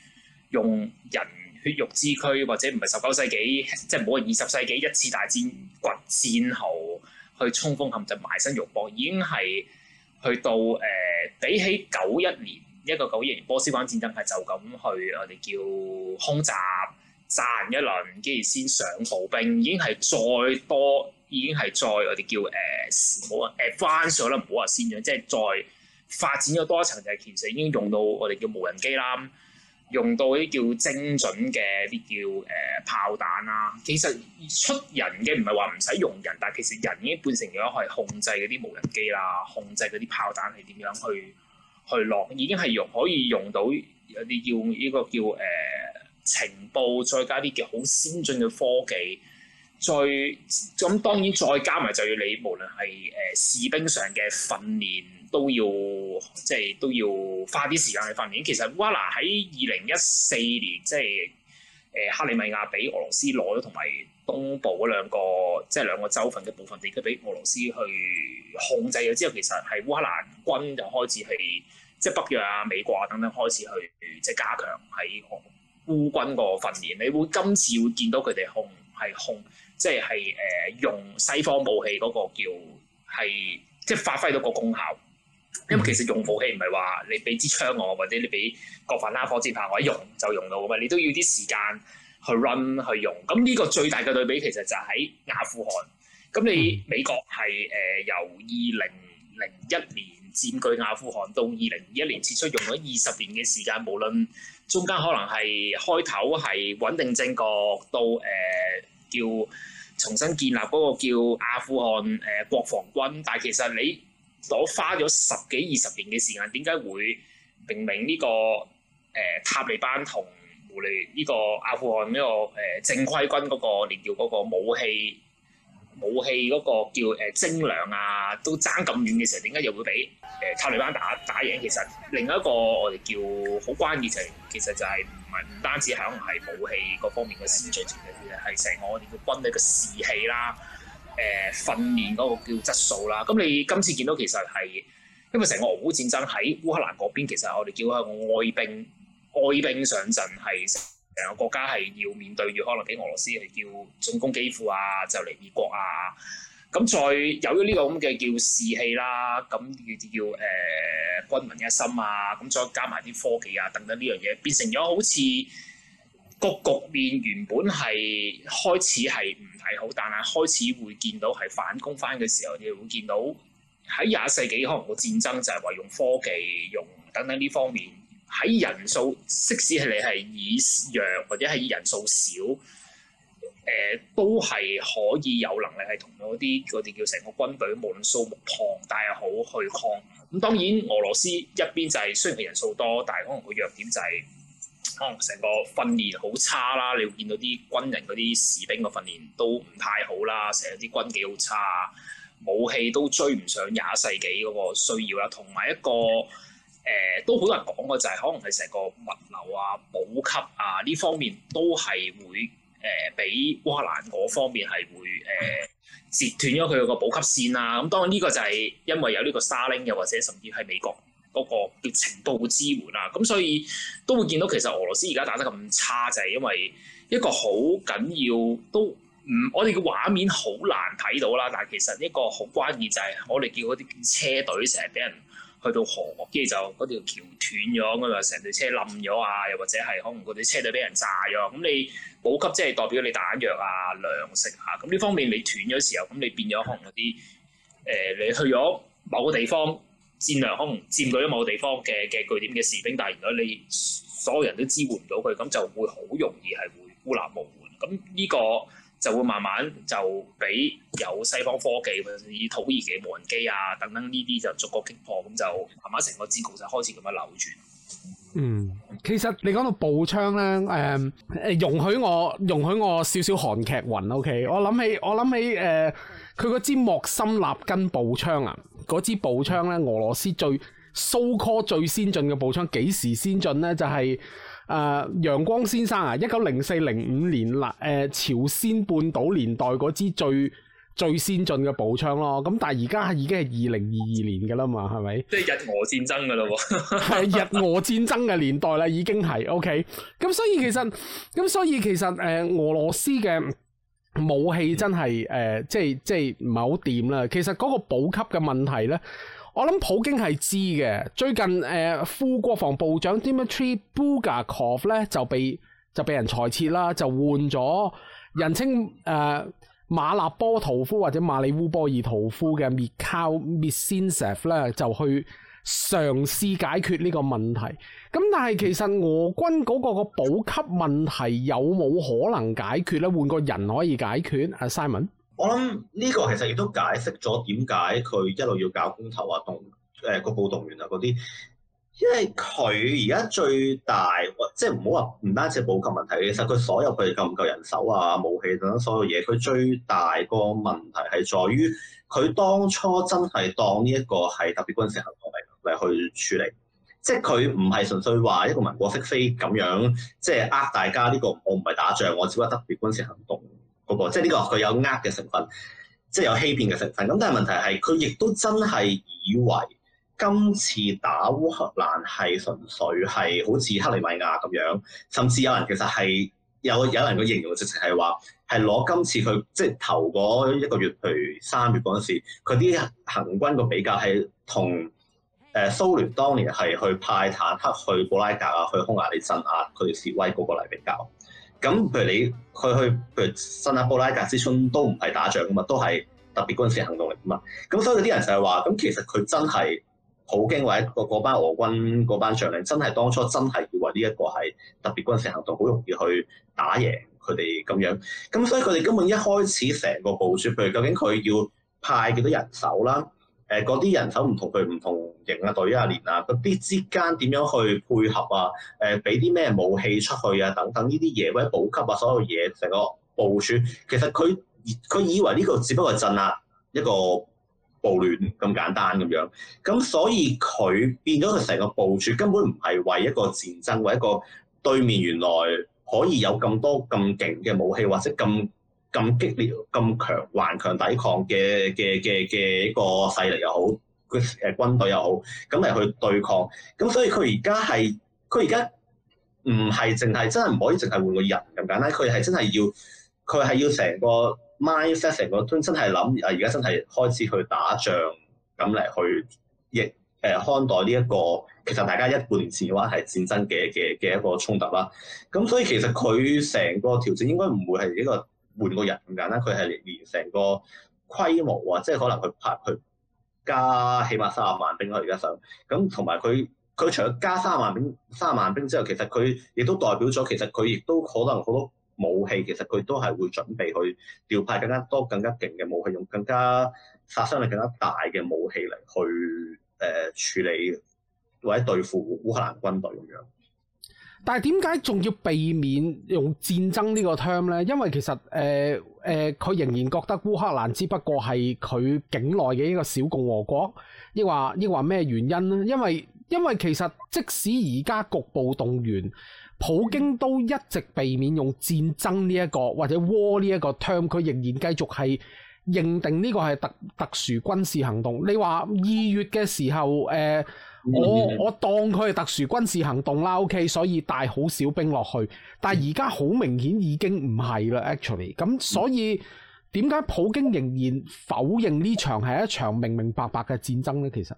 用人血肉之軀，或者唔係十九世紀，即係冇二十世紀一次大戰掘戰後去衝鋒陷陣、埋身肉搏，已經係去到誒、呃、比起九一年。一個九一年波斯灣戰爭係就咁去我哋叫空襲炸一輪，跟住先上步兵，已經係再多，已經係再我哋叫誒冇誒 advanced 啦，唔好話先樣，即係再發展咗多一層，就係其實已經用到我哋叫無人機啦，用到啲叫精準嘅啲叫誒、呃、炮彈啦。其實出人嘅唔係話唔使用人，但其實人已經變成咗係控制嗰啲無人機啦，控制嗰啲炮彈係點樣去。去落已經係用可以用到有啲叫呢個叫誒、呃、情報，再加啲叫好先進嘅科技，再咁當然再加埋就要你無論係誒、呃、士兵上嘅訓練都要即係都要花啲時間去訓練。其實 Wagner 喺二零一四年即係。誒，克里米亞俾俄羅斯攞咗，同埋東部嗰兩個即係兩個州份嘅部分地區俾俄羅斯去控制咗之後，其實係烏克蘭軍就開始係即係北約啊、美國啊等等開始去即係加強喺烏軍個訓練。你會今次會見到佢哋控係控，即係係誒用西方武器嗰個叫係即係發揮到個功效。因為其實用武器唔係話你俾支槍我，或者你俾國防拉火箭炮，我一用就用到嘅，你都要啲時間去 run 去用。咁呢個最大嘅對比其實就喺阿富汗。咁你美國係誒由二零零一年佔據阿富汗，到二零二一年撤出，用咗二十年嘅時間。無論中間可能係開頭係穩定政局，到誒、呃、叫重新建立嗰個叫阿富汗誒、呃、國防軍，但係其實你。我花咗十幾二十年嘅時間，點解會明明呢、這個誒、呃、塔利班同胡嚟呢個阿富汗呢、那個誒、呃、正規軍嗰、那個，連叫嗰個武器武器嗰個叫誒、呃、精良啊，都爭咁遠嘅時候，點解又會俾誒、呃、塔利班打打贏？其實另一個我哋叫好關鍵就係、是，其實就係唔係唔單止係可能係武器嗰方面嘅先進程度啦，係成個我哋叫軍隊嘅士氣啦、啊。誒、呃、訓練嗰個叫質素啦，咁你今次見到其實係因為成個俄烏戰爭喺烏克蘭嗰邊，其實我哋叫係愛兵愛兵上陣，係成個國家係要面對住可能俾俄羅斯係叫進攻幾乎啊，就嚟滅國啊，咁再有咗呢個咁嘅叫士氣啦，咁要叫誒、呃、軍民一心啊，咁再加埋啲科技啊等等呢樣嘢，變成咗好似個局面原本係開始係。係好，但係開始會見到係反攻翻嘅時候，你會見到喺廿一世紀可能個戰爭就係話用科技、用等等呢方面，喺人數，即使係你係以弱或者係以人數少，誒、呃、都係可以有能力係同嗰啲叫成個軍隊，無論數目龐大又好去抗。咁當然，俄羅斯一邊就係、是、雖然佢人數多，但係可能個弱點就係、是。可能成個訓練好差啦，你會見到啲軍人嗰啲士兵嘅訓練都唔太好啦，成日啲軍紀好差，武器都追唔上廿世紀嗰個需要啦。同埋一個誒、呃、都好多人講嘅就係，可能係成個物流啊、補給啊呢方面都係會誒、呃、畀烏克蘭嗰方面係會誒、呃、截斷咗佢個補給線啦、啊。咁當然呢個就係因為有呢個 Starlink，又或者甚至係美國。嗰個情報支援啊，咁所以都會見到其實俄羅斯而家打得咁差，就係因為一個好緊要都唔，我哋嘅畫面好難睇到啦。但係其實一個好關鍵就係我哋叫嗰啲車隊成日俾人去到河，跟住就嗰條橋斷咗㗎嘛，成隊車冧咗啊，又或者係可能嗰啲車隊俾人炸咗。咁你補給即係代表你彈藥啊、糧食啊，咁呢方面你斷咗時候，咁你變咗可能嗰啲誒，你去咗某個地方。戰略可能佔據咗某個地方嘅嘅據點嘅士兵，但係如果你所有人都支援唔到佢，咁就會好容易係會孤立無援。咁呢個就會慢慢就俾有西方科技或者土耳其無人機啊等等呢啲就逐個擊破，咁就慢慢成個戰局就開始咁樣扭轉。嗯，其實你講到步槍咧，誒、呃、誒容許我容許我少少韓劇魂，OK？我諗起我諗起誒，佢、呃、嗰支莫辛納甘步槍啊，嗰支步槍咧，俄羅斯最蘇科、so、最先進嘅步槍幾時先進呢？就係誒陽光先生啊，一九零四零五年嗱誒、呃、朝鮮半島年代嗰支最。最先進嘅步槍咯，咁但係而家已經係二零二二年嘅啦嘛，係咪？即係日俄戰爭嘅咯喎， 日俄戰爭嘅年代啦，已經係 OK。咁所以其實，咁所以其實，誒，俄羅斯嘅武器真係誒、嗯呃，即係即係唔係好掂啦。其實嗰個補給嘅問題咧，我諗普京係知嘅。最近誒、呃、副國防部長 Dmitry Bulgakov 咧就被就被人裁撤啦，就換咗人稱誒，呃嗯馬納波屠夫或者馬里烏波爾屠夫嘅 Mikhail Mizintsev 咧，就去嘗試解決呢個問題。咁但係其實俄軍嗰個個補給問題有冇可能解決咧？換個人可以解決？阿 Simon，我諗呢個其實亦都解釋咗點解佢一路要搞公投啊、動誒個部動員啊嗰啲。因為佢而家最大，即係唔好話唔單止補給問題，其實佢所有佢夠唔夠人手啊、武器等等所有嘢，佢最大個問題係在於佢當初真係當呢一個係特別軍事行動嚟嚟去處理，即係佢唔係純粹話一個民國識飛咁樣，即係呃大家呢、呢個我唔係打仗，我只不過特別軍事行動嗰、嗰個，即係呢個佢有呃嘅成分，即係有欺騙嘅成分。咁但係問題係佢亦都真係以為。今次打烏克蘭係純粹係好似克里米亞咁樣，甚至有人其實係有有人去形容直，直情係話係攞今次去，即係頭嗰一個月，譬如三月嗰陣時，佢啲行軍個比較係同誒蘇聯當年係去派坦克去布拉格啊，去匈牙利鎮壓去示威嗰個嚟比較。咁譬如你佢去譬如鎮壓布拉格之春都唔係打仗啊嘛，都係特別軍事行動嚟啊嘛。咁所以啲人就係話，咁其實佢真係。普京或者嗰班俄軍嗰班將領真係當初真係以為呢一個係特別軍事行動，好容易去打贏佢哋咁樣。咁所以佢哋根本一開始成個部署，譬如究竟佢要派幾多人手啦？誒，嗰啲人手唔同佢唔同型啊隊啊連啊，嗰啲之間點樣去配合啊？誒，俾啲咩武器出去啊？等等呢啲嘢，或者補給啊，所有嘢成個部署，其實佢佢以為呢個只不過係鎮壓一個。暴亂咁簡單咁樣，咁所以佢變咗佢成個部署根本唔係為一個戰爭，為一個對面原來可以有咁多咁勁嘅武器，或者咁咁激烈、咁強、頑強抵抗嘅嘅嘅嘅一個勢力又好，個誒軍隊又好，咁嚟去對抗。咁所以佢而家係佢而家唔係淨係真係唔可以淨係換個人咁簡單，佢係真係要佢係要成個。Mindset 真真係諗啊！而家真係開始去打仗咁嚟去亦誒看待呢、這、一個，其實大家一半年前嘅話係戰爭嘅嘅嘅一個衝突啦。咁所以其實佢成個調整應該唔會係一個換個人咁簡單，佢係連成個規模啊，即係可能佢派佢加起碼三十萬兵，佢而家想咁同埋佢佢除咗加三十萬兵三十萬兵之後，其實佢亦都代表咗其實佢亦都可能好多。武器其實佢都係會準備去調派更加多、更加勁嘅武器，用更加殺傷力更加大嘅武器嚟去誒、呃、處理或者對付烏克蘭軍隊咁樣。但係點解仲要避免用戰爭呢個 term 呢？因為其實誒誒，佢、呃呃、仍然覺得烏克蘭只不過係佢境內嘅一個小共和國，亦話亦話咩原因呢？因為因為其實即使而家局部動員。普京都一直避免用戰爭呢一個或者 war 呢一個 term，佢仍然繼續係認定呢個係特特殊軍事行動。你話二月嘅時候，誒、呃，我我當佢係特殊軍事行動啦，OK，所以帶好少兵落去。但係而家好明顯已經唔係啦，actually。咁所以點解普京仍然否認呢場係一場明明白白嘅戰爭呢？其實？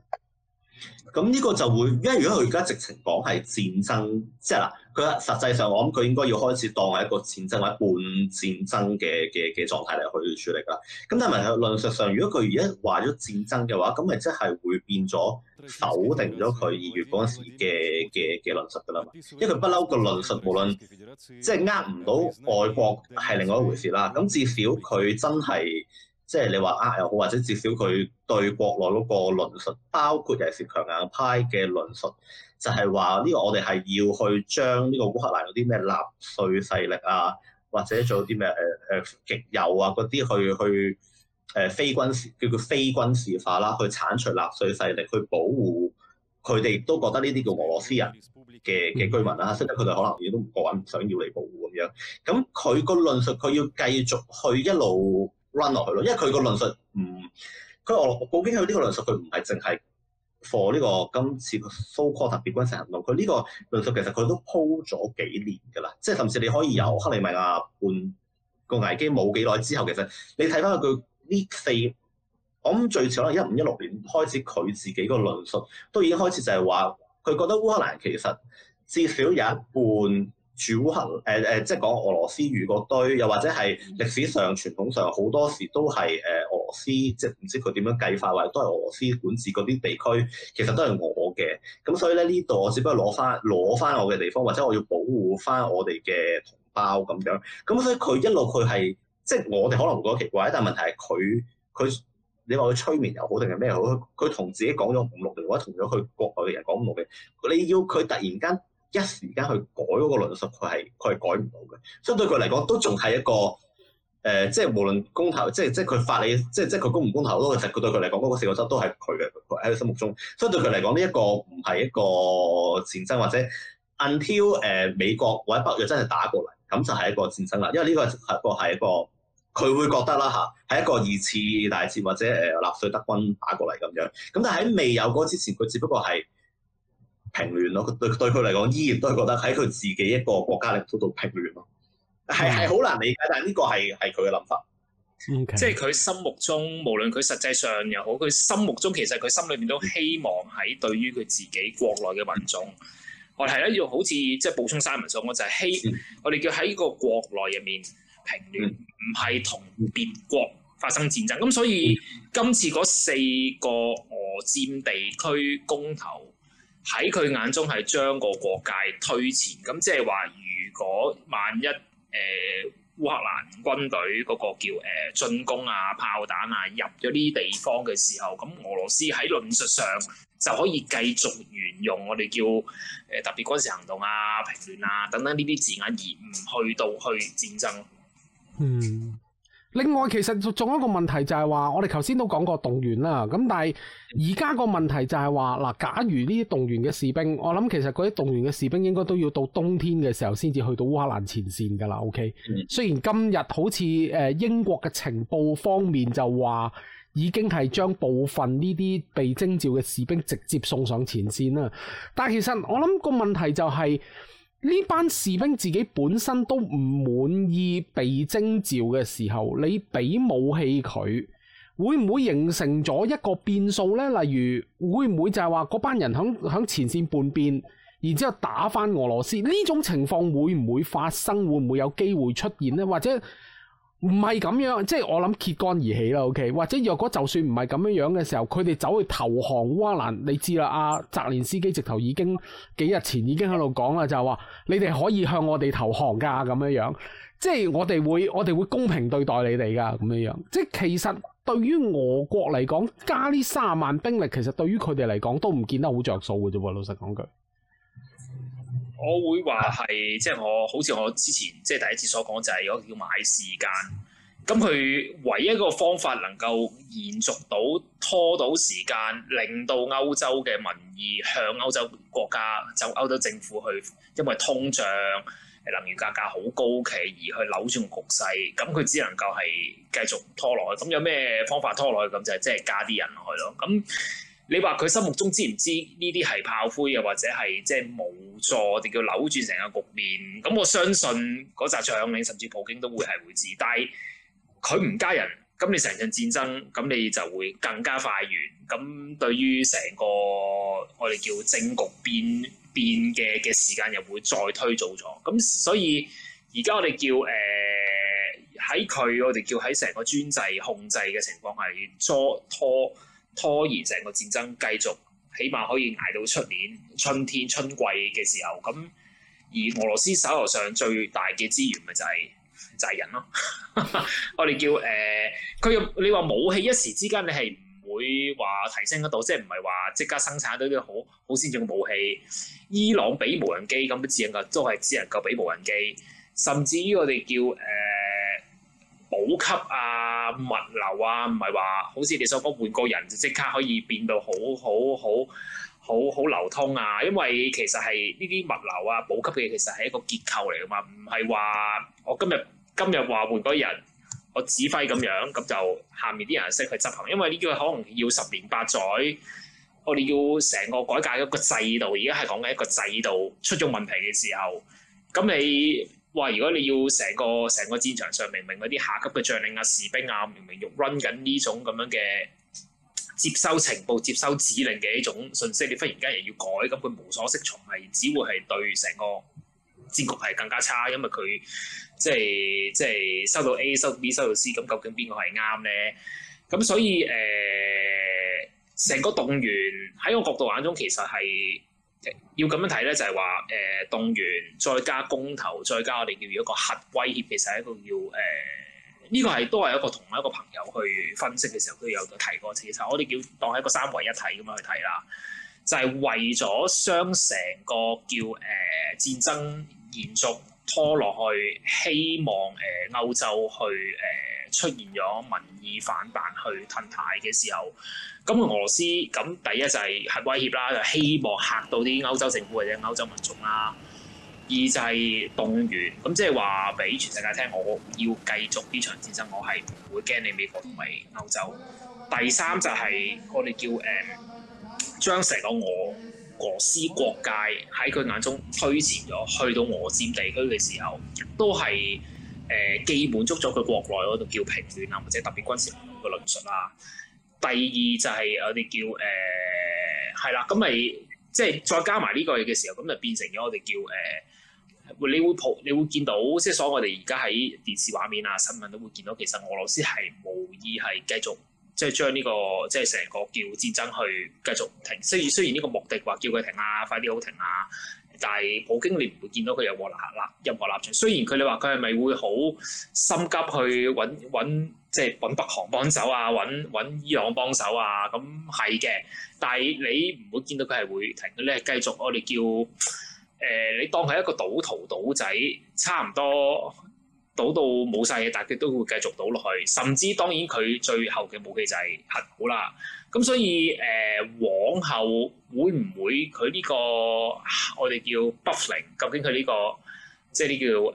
咁呢個就會，因為如果佢而家直情講係戰爭，即係嗱，佢實際上我諗佢應該要開始當係一個戰爭或者半戰爭嘅嘅嘅狀態嚟去處理啦。咁但係問題論述上，如果佢而家話咗戰爭嘅話，咁咪即係會變咗否定咗佢二月嗰陣時嘅嘅嘅論述㗎啦嘛。因為佢不嬲個論述無論即係呃唔到外國係另外一回事啦。咁至少佢真係。即係你話呃又好，或者至少佢對國內嗰個論述，包括尤其是強硬派嘅論述，就係話呢個我哋係要去將呢個烏克蘭嗰啲咩納粹勢力啊，或者做啲咩誒誒極右啊嗰啲去去誒、呃、非軍事叫做非軍事化啦，去剷除納粹勢力，去保護佢哋都覺得呢啲叫俄羅斯人嘅嘅、嗯、居民啦、啊，識得佢哋可能亦都唔過緊，唔想要你保護咁樣。咁佢個論述佢要繼續去一路。落去咯，因為佢、嗯、個論述唔，佢俄普京佢呢個論述佢唔係淨係 for 呢個今次嘅 so-called 特別軍事行動，佢呢個論述其實佢都鋪咗幾年㗎啦，即係甚至你可以有克里米亞半個危機冇幾耐之後，其實你睇翻佢呢四，我諗最少可能一五一六年開始佢自己個論述都已經開始就係話，佢覺得烏克蘭其實至少有一半。主行誒誒、呃，即係講俄羅斯語嗰堆，又或者係歷史上傳統上好多時都係誒俄羅斯，即係唔知佢點樣計法，或者都係俄羅斯管治嗰啲地區，其實都係我嘅。咁所以咧呢度我只不過攞翻攞翻我嘅地方，或者我要保護翻我哋嘅同胞咁樣。咁所以佢一路佢係即係我哋可能覺得奇怪，但係問題係佢佢你話佢催眠又好定係咩好？佢同自己講咗五六年，或者同咗佢國內嘅人講五六年。你要佢突然間，一時間去改嗰個論述，佢係佢係改唔到嘅。所以對佢嚟講，都仲係一個誒、呃，即係無論公投，即係即係佢發你，即係即係佢公唔公投都，其實佢對佢嚟講嗰個四個州都係佢嘅，佢喺佢心目中。所以對佢嚟講，呢、這、一個唔係一個戰爭，或者 until 誒、呃、美國或者北約真係打過嚟，咁就係一個戰爭啦。因為呢個係一個佢會覺得啦嚇，係一個二次大戰或者誒納粹德軍打過嚟咁樣。咁但係喺未有過之前，佢只不過係。平亂咯，對對佢嚟講，依然都係覺得喺佢自己一個國家力度度平亂咯，係係好難理解。但係呢個係係佢嘅諗法，Okay. 即係佢心目中無論佢實際上又好，佢心目中其實佢心裏面都希望喺對於佢自己國內嘅民眾，嗯、我係咧要好似即係補充三文鎖，我就係、是、希、嗯、我哋叫喺呢個國內入面平亂，唔係同別國發生戰爭。咁、嗯、所以今次嗰四個俄佔地區公投。喺佢眼中係將個國界推前，咁即係話，如果萬一誒呃、烏克蘭軍隊嗰個叫誒呃、進攻啊炮彈啊入咗呢啲地方嘅時候，咁俄羅斯喺論述上就可以繼續沿用我哋叫誒、呃、特別軍事行動啊、平亂啊等等呢啲字眼，而唔去到去戰爭。嗯。另外，其實仲有一個問題就係話，我哋頭先都講過動員啦。咁但係而家個問題就係話，嗱，假如呢啲動員嘅士兵，我諗其實嗰啲動員嘅士兵應該都要到冬天嘅時候先至去到烏克蘭前線㗎啦。OK，雖然今日好似誒英國嘅情報方面就話已經係將部分呢啲被徵召嘅士兵直接送上前線啦，但係其實我諗個問題就係。呢班士兵自己本身都唔滿意被徵召嘅時候，你俾武器佢，會唔會形成咗一個變數呢？例如會唔會就係話嗰班人響響前線叛變，然之後打翻俄羅斯，呢種情況會唔會發生？會唔會有機會出現呢？或者？唔係咁樣，即係我諗揭竿而起啦。O、okay? K，或者若果就算唔係咁樣樣嘅時候，佢哋走去投降烏克蘭，你知啦。阿、啊、澤連斯基直頭已經幾日前已經喺度講啦，就話、是、你哋可以向我哋投降噶咁樣樣，即係我哋會我哋會公平對待你哋噶咁樣樣。即係其實對於俄國嚟講，加呢三十萬兵力，其實對於佢哋嚟講都唔見得好着數嘅啫。老實講句。我會話係，即係我好似我之前即係第一次所講，就係嗰個叫買時間。咁佢唯一一個方法能夠延續到拖到時間，令到歐洲嘅民意向歐洲國家就歐洲政府去，因為通脹、能源價格好高企而去扭轉局勢。咁佢只能夠係繼續拖落去。咁有咩方法拖落去？咁就係即係加啲人落去咯。咁。你話佢心目中知唔知呢啲係炮灰又或者係即係冇助我哋叫扭轉成個局面？咁我相信嗰啲將領甚至普京都會係會知，低。但係佢唔加人，咁你成場戰爭咁你就會更加快完。咁對於成個我哋叫政局變變嘅嘅時間又會再推早咗。咁所以而家我哋叫誒喺佢我哋叫喺成個專制控制嘅情況下越拖。拖延成個戰爭繼續，起碼可以捱到出年春天春季嘅時候。咁而俄羅斯手頭上最大嘅資源咪就係就係人咯。 我哋叫誒，佢、呃、你話武器，一時之間你係唔會話提升得到，即係唔係話即刻生產到啲好好先進嘅武器。伊朗俾無人機咁，只能夠都係只能夠俾無人機，甚至於我哋叫誒。呃補給啊，物流啊，唔係話好似你所講換個人就即刻可以變到好好好好好流通啊，因為其實係呢啲物流啊、補給嘅其實係一個結構嚟㗎嘛，唔係話我今日今日話換個人，我指揮咁樣，咁就下面啲人識去執行，因為呢個可能要十年八載，我哋要成個改革一個制度，而家係講緊一個制度出咗問題嘅時候，咁你。哇！如果你要成個成個戰場上，明明嗰啲下級嘅將領啊、士兵啊，明明用 run 緊呢種咁樣嘅接收情報、接收指令嘅一種信息，你忽然間又要改，咁佢無所適從，係只會係對成個戰局係更加差，因為佢即係即係收到 A、收到 B、收到 C，咁究竟邊個係啱咧？咁所以誒，成個動員喺我角度眼中其實係～要咁樣睇咧，就係話誒動員再加公投，再加我哋叫，叫一個核威脅，其實係一個叫誒，呢個係都係一個同一個朋友去分析嘅時候都有提過，其實我哋叫當係一個三位一體咁樣去睇啦，就係、是、為咗將成個叫誒、呃、戰爭延續拖落去，希望誒、呃、歐洲去誒。呃出現咗民意反彈去褪軚嘅時候，咁俄羅斯咁第一就係係威脅啦，就是、希望嚇到啲歐洲政府或者歐洲民眾啦；二就係動員，咁即係話俾全世界聽，我要繼續呢場戰爭，我係唔會驚你美國同埋歐洲。第三就係、是、我哋叫誒將成個俄羅斯國界喺佢眼中推前咗，去到俄佔地區嘅時候，都係。誒、呃、既滿足咗佢國內嗰度叫平亂啊，或者特別軍事嘅論,論述啦。第二就係我哋叫誒係啦，咁、呃、咪即係再加埋呢個嘢嘅時候，咁就變成咗我哋叫誒、呃，你會普你會見到，即係所我哋而家喺電視畫面啊、新聞都會見到，其實俄羅斯係無意係繼續即係將呢個即係成個叫戰爭去繼續停。雖雖然呢個目的話叫佢停啊，快啲好停啊。但係普京你唔會見到佢有鍋立立任何立場，雖然佢你話佢係咪會好心急去揾揾即係揾北韓幫手啊，揾揾伊朗幫手啊，咁係嘅。但係你唔會見到佢係會停嘅咧，繼續我哋叫誒，你當佢係一個賭徒、賭仔，差唔多賭到冇晒嘢，但佢都會繼續賭落去，甚至當然佢最後嘅武器就係核武啦。咁所以誒、呃，往後會唔會佢呢、這個，我哋叫北靈，究竟佢呢、這個，即係呢叫誒，誒、呃，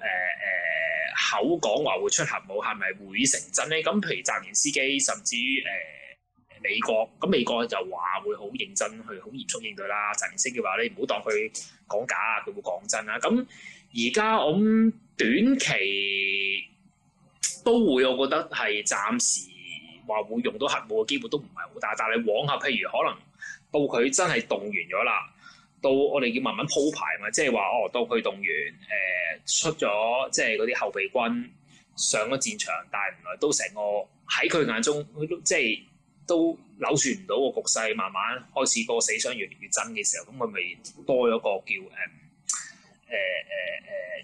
口講話會出核武，係咪會成真咧？咁譬如澤連斯基甚至於，誒、呃，美國，咁美國就話會好認真去好嚴肅應對啦。澤連斯基話，你唔好當佢講假啊，佢會講真啦。咁而家我短期都會，我覺得係暫時。話會用到核武嘅機會都唔係好大，但係你往後，譬如可能到佢真係動員咗啦，到我哋要慢慢鋪排嘛，即係話哦，到佢動員誒、呃、出咗，即係嗰啲後備軍上咗戰場，但係原來都成個喺佢眼中，佢都即係都扭轉唔到個局勢，慢慢開始個死傷越嚟越增嘅時候，咁佢咪多咗個叫誒。誒誒誒，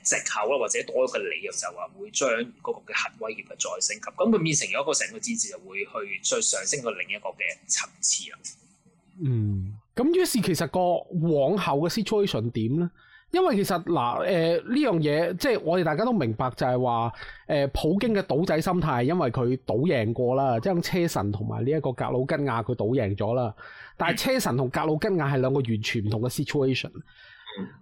藉口啦，或者多一個理由就話會將嗰個嘅核威脅嘅再升級，咁佢變成咗一個成個指節就會去再上升到另一個嘅層次啦。嗯，咁於是其實個往後嘅 situation 點咧？因為其實嗱誒呢樣嘢，即、呃、係、呃這個就是、我哋大家都明白就係話誒普京嘅賭仔心態，因為佢賭贏過啦，即、就、係、是、車臣同埋呢一個格魯吉亞佢賭贏咗啦。但係車臣同格魯吉亞係兩個完全唔同嘅 situation。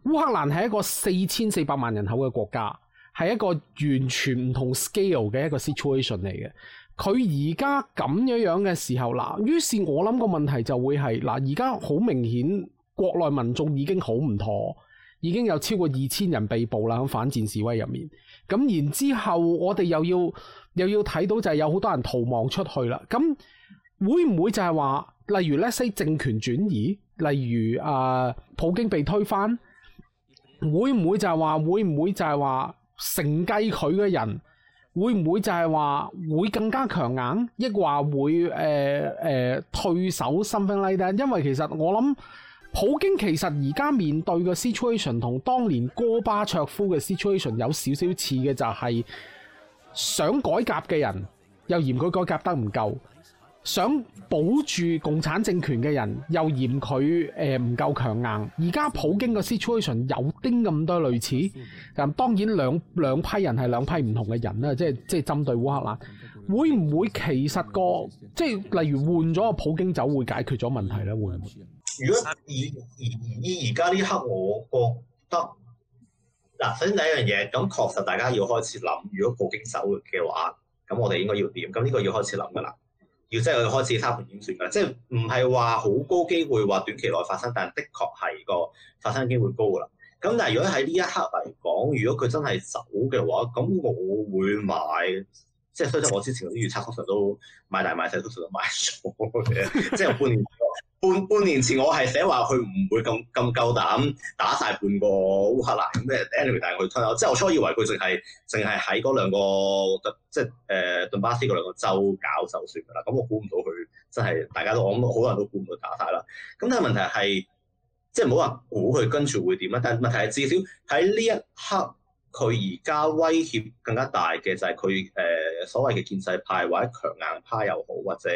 烏克蘭係一個四千四百萬人口嘅國家，係一個完全唔同 scale 嘅一個 situation 嚟嘅。佢而家咁樣樣嘅時候，嗱、啊，於是我諗個問題就會係嗱，而家好明顯國內民眾已經好唔妥，已經有超過二千人被捕啦，喺反戰示威入面。咁然之後，我哋又要又要睇到就係有好多人逃亡出去啦。咁、啊、會唔會就係話，例如咧，西政權轉移？例如啊，普京被推翻，會唔會就係話會唔會就係話承繼佢嘅人，會唔會就係話會更加強硬，亦話會誒誒、呃呃、退守深邊拉低？因為其實我諗普京其實而家面對嘅 situation 同當年戈巴卓夫嘅 situation 有少少似嘅，就係想改革嘅人又嫌佢改革得唔夠。想保住共產政權嘅人又嫌佢誒唔夠強硬，而家普京嘅 situation 有丁咁多類似，咁當然兩兩批人係兩批唔同嘅人啦，即係即係針對烏克蘭，會唔會其實個即係例如換咗個普京走會解決咗問題咧？會唔會？如果以以而家呢刻，我覺得嗱，首先第一樣嘢，咁確實大家要開始諗，如果普京走嘅話，咁我哋應該要點？咁呢個要開始諗㗎喇。要真係開始三盤點算啦，即係唔係話好高機會話短期內發生，但係的確係個發生機會高噶啦。咁但係如果喺呢一刻嚟講，如果佢真係走嘅話，咁我會買，即係所以我之前嗰啲預測都都，通常都買大買細，通常都買咗嘅，即係我半年。半半年前我係寫話佢唔會咁咁夠膽打晒半個烏克蘭，咩 enemy 但係佢推翻，即係我初以為佢淨係淨係喺嗰兩個即係誒頓巴斯嗰兩個州搞就算㗎啦。咁我估唔到佢真係大家都我諗好多人都估唔到打晒啦。咁但係問題係即係唔好話估佢跟住會點啦。但係問題係至少喺呢一刻，佢而家威脅更加大嘅就係佢誒所謂嘅建制派或者強硬派又好，或者。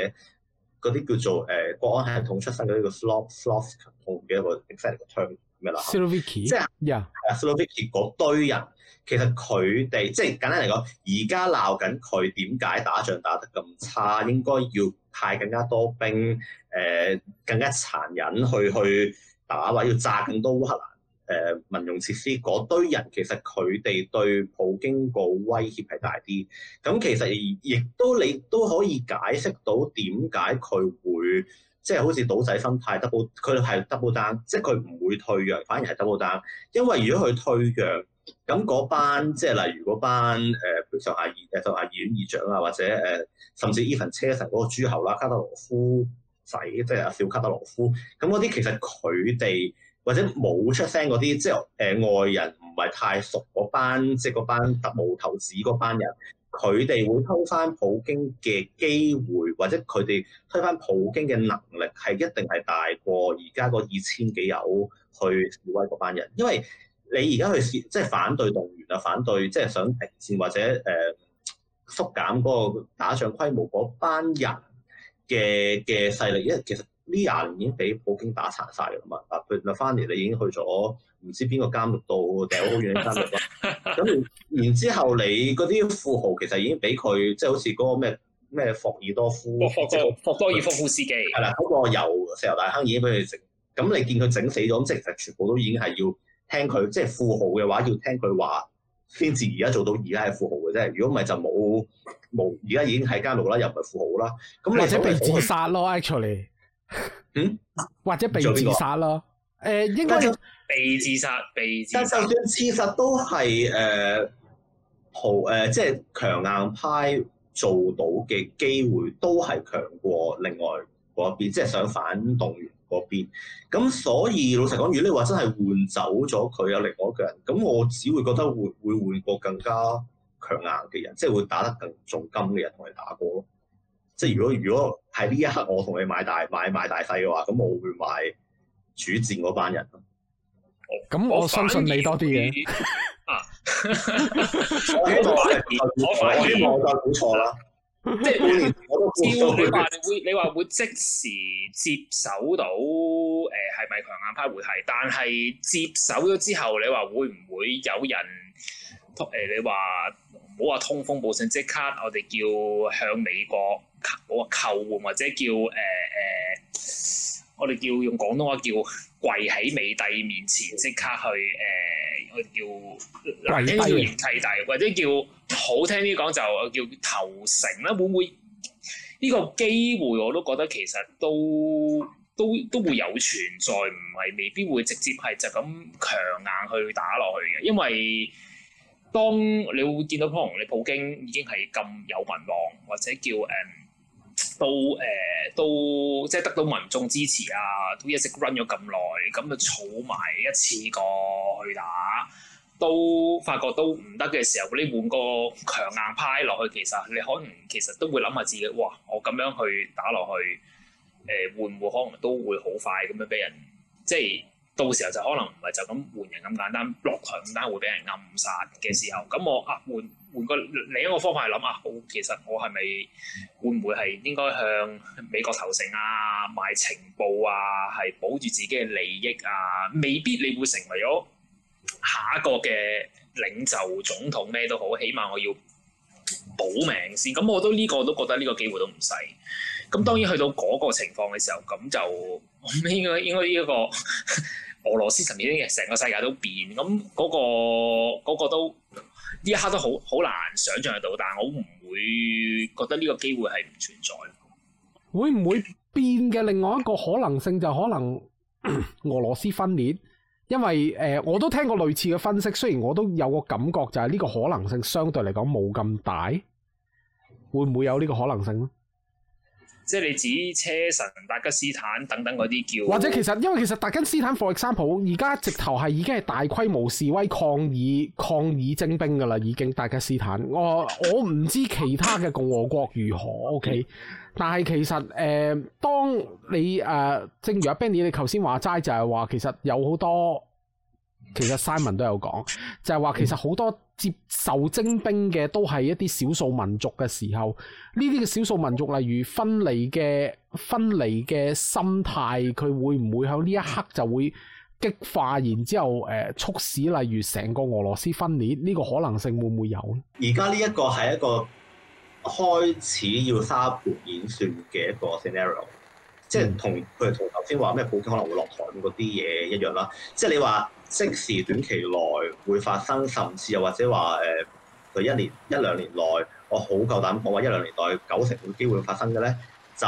嗰啲叫做誒、呃、國安系統出身嘅呢叫 SiSiloviki，我唔記得個 exact 個 term 咩啦。Siloviki 即係係啊 Siloviki 嗰堆人，其實佢哋即係簡單嚟講，而家鬧緊佢點解打仗打得咁差，應該要派更加多兵，誒、呃、更加殘忍去去打，或要炸更多核。 誒，民用、呃、設施嗰堆人其實佢哋對普京個威脅係大啲，咁其實亦都你都可以解釋到點解佢會即係好似賭仔心態 double，佢係 double down，即係佢唔會退讓，反而係 double down。因為如果佢退讓，咁嗰班即係例如嗰班誒，譬、呃、如像阿議誒，像阿院議長啊，或者誒、呃，甚至 even 車臣嗰個豬頭啦，卡德羅夫仔，即係阿小卡德羅夫，咁嗰啲其實佢哋。或者冇出聲嗰啲，即係誒外人唔係太熟嗰班，即係嗰班特務頭子嗰班人，佢哋會偷翻普京嘅機會，或者佢哋推翻普京嘅能力係一定係大過而家嗰二千幾友去示威嗰班人，因為你而家去試即係反對動員啊，反對即係想停戰或者誒、呃、縮減嗰個打仗規模嗰班人嘅嘅勢力，因為其實。呢廿年已經俾普京打殘曬㗎嘛？啊，佢咪返嚟你已經去咗唔知邊個監獄度，掉好遠嘅監獄啦。咁然之後你嗰啲富豪其實已經俾佢即係好似嗰個咩咩霍爾多夫，霍霍多爾多夫斯基係啦。嗰、嗰個油石油大亨已經俾佢整，咁你見佢整死咗，咁即係其實全部都已經係要聽佢，即係富豪嘅話要聽佢話先至而家做到而家係富豪嘅啫。如果唔係就冇冇，而家已經係監獄啦，又唔係富豪啦。咁你或者被自殺咯，actually。嗯，或者被自殺咯誰？誒、呃，應該是被自殺，被自殺但就算自殺都係誒，好、呃、誒、呃，即係強硬派做到嘅機會，都係強過另外嗰邊，即係想反動員嗰邊。咁所以老實講，如果你話真係換走咗佢啊，有另外一個人，咁我只會覺得換會換個更加強硬嘅人，即係會打得更重金嘅人同你打過咯。即係如果如果係呢一刻我同你買大買買大細嘅話，咁我會買主戰嗰班人咯。咁、哦、我，我相信你多啲嘅。我呢度即 我呢度就冇錯啦。即係我都估到會你話會你話會即時接手到誒係咪強硬派會係？但係接手咗之後，你話會唔會有人通、呃、你話唔好話通風報信，即刻我哋叫向美國。我話求換或者叫誒誒、呃啊，我哋叫用廣東話叫跪喺美帝面前，即刻去誒，我、呃、叫叫契弟，或者叫、 或者叫好聽啲講就叫投誠啦。會唔會呢、呢個機會我都覺得其實都都都會有存在，唔係未必會直接係就咁強硬去打落去嘅。因為當你會見到可能你普京已經係咁有民望，或者叫誒。嗯都誒、呃，都即係得到民眾支持啊，都一直 run 咗咁耐，咁就儲埋一次過去打，都發覺都唔得嘅時候，你換個強硬派落去，其實你可能其實都會諗下自己，哇！我咁樣去打落去，誒會唔會可能都會好快咁樣俾人即係。到時候就可能唔係就咁換人咁簡單，落台咁單會俾人暗殺嘅時候，咁我啊換換個另一個方法去諗啊，我其實我係咪會唔會係應該向美國投誠啊，賣情報啊，係保住自己嘅利益啊？未必你會成為咗下一個嘅領袖總統咩都好，起碼我要保命先。咁我都呢個都覺得呢個機會都唔細。咁當然去到嗰個情況嘅時候，咁就應該應該呢一個。 俄羅斯層面啲成個世界都變，咁嗰、嗰個、嗰個都呢一刻都好好難想象到，但係我唔會覺得呢個機會係唔存在。會唔會變嘅另外一個可能性就可能 俄羅斯分裂，因為誒、呃、我都聽過類似嘅分析，雖然我都有個感覺就係呢個可能性相對嚟講冇咁大，會唔會有呢個可能性？即係你指車臣、達吉斯坦等等嗰啲叫，或者其實因為其實達吉斯坦、for example，而家直頭係已經係大規模示威抗議、抗議徵兵㗎啦，已經。達吉斯坦，我我唔知其他嘅共和國如何。OK、嗯、但係其實誒、呃，當你誒、呃，正如阿 Benny 你頭先話齋，就係話其實有好多，其實 Simon 都有講，嗯、就係話其實好多。接受徵兵嘅都係一啲少數民族嘅時候，呢啲嘅少數民族例如分離嘅分離嘅心態，佢會唔會響呢一刻就會激化，然之後誒、呃、促使例如成個俄羅斯分裂呢，這個可能性會唔會有？而家呢一個係一個開始要沙盤演算嘅一個 scenario。即係同佢哋同頭先話咩普京可能會落台咁嗰啲嘢一樣啦。即係你話即時短期內會發生，甚至又或者話誒，佢、呃、一年一兩年內，我好夠膽講話一兩年內九成會機會發生嘅咧，就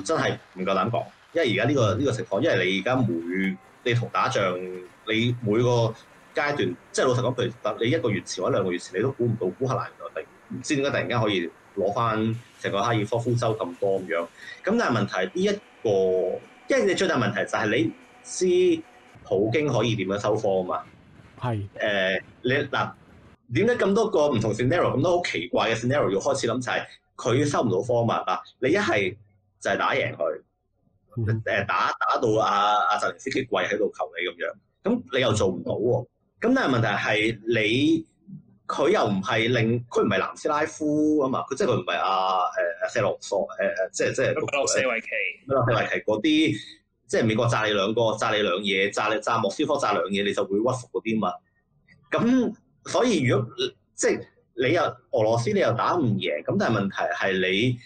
真係唔夠膽講，因為而家呢個呢、呢個情況，因為你而家每你同打仗，你每個階段，即係老實講，譬如你一個月前或者兩個月前，你都估唔到烏克蘭定唔知點解突然間可以。攞翻成個哈爾科夫州咁多咁樣，咁但係問題呢一個，因為你最大問題就係你知普京可以點樣收科是、呃、啊嘛？係，誒你嗱，點解咁多個唔同線 scenario 咁都好奇怪嘅 scenario？要開始諗就係佢收唔到科嘛？嗱，你一係就係打贏佢，誒、嗯、打打到阿、啊、阿、啊、澤連斯基跪喺度求你咁樣，咁你又做唔到喎、啊。咁但係問題係你。佢又唔係令，佢唔係南斯拉夫啊嘛，佢即係佢唔係阿誒斯洛夫誒誒，即係即係。咁就舍維奇。咩啦？舍維奇嗰啲，即係美國炸你兩個，炸你兩嘢，炸你炸莫斯科炸兩嘢，你就會屈服嗰啲嘛。咁、嗯嗯、所以如果即係你又俄羅斯，你又打唔贏。咁但係問題係你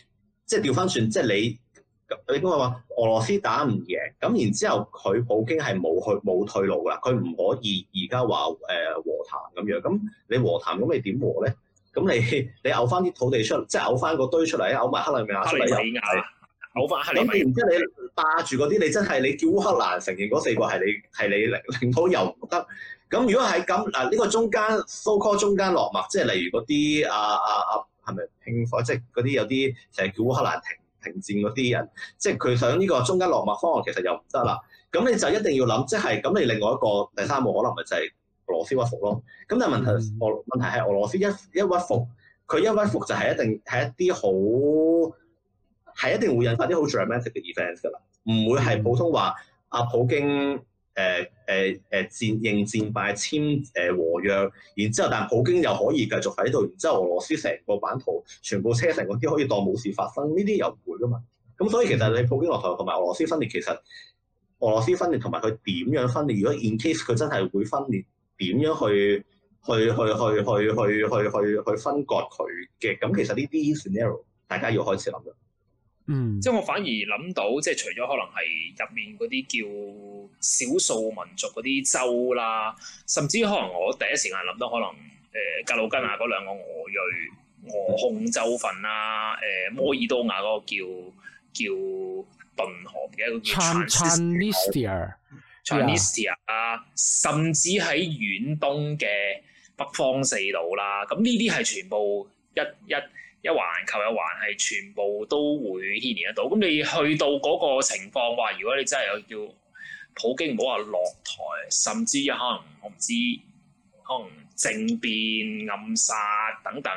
即係調翻轉，即係你。你講話俄羅斯打唔贏，咁然之後佢普京係冇去冇退路噶啦，佢唔可以而家話誒和談咁樣。咁你和談咁你點和咧？咁你你嘔翻啲土地出，即係嘔翻個堆出嚟，嘔埋克里米亞出嚟，嘔翻克里。咁然之後你霸住嗰啲，你真係你叫烏克蘭承認嗰四個係你係你領領土又唔得。咁如果係咁嗱，呢、這個中間蘇 l 中間落埋，即係例如嗰啲阿阿阿係咪拼火，即係嗰啲有啲成日叫烏克蘭停停戰嗰啲人，即係佢想呢個中間落墨方案其實又唔得啦，咁你就一定要諗，即係咁你另外一個第三個可能咪就係俄羅斯屈服咯，咁但係問題俄問題係俄羅斯一一屈服，佢一屈服就係一定係一啲好係一定會引發啲好 dramatic 嘅 events 噶啦，唔會係普通話阿普京。誒誒誒戰認戰敗簽誒、呃、和約，然之後但普京又可以繼續喺度，然之後俄羅斯成個版圖全部車成嗰啲，可以當冇事發生，呢啲又唔會㗎嘛。咁所以其實你普京落台同埋俄羅斯分裂，其實俄羅斯分裂同埋佢點樣分裂？如果 in case 佢真係會分裂，點樣去去去去去去去去分割佢嘅？咁其實呢啲 scenario 大家要開始諗。嗯，即係我反而諗到，即係除咗可能係入面嗰啲叫少數民族嗰啲州啦，甚至可能我第一時間諗到可能誒格魯吉亞嗰兩個俄裔俄控州份啦，誒、呃、摩爾多瓦嗰個叫、嗯、叫，叫頓河嘅一個叫 Transnistria，Transnistria yeah . Transnistria 啊，甚至喺遠東嘅北方四島啦，咁呢啲係全部一一。一一環扣一環，係全部都會牽連得到。咁你去到嗰個情況話，如果你真係有叫普京唔好話落台，甚至於可能我唔知，可能政變、暗殺等等，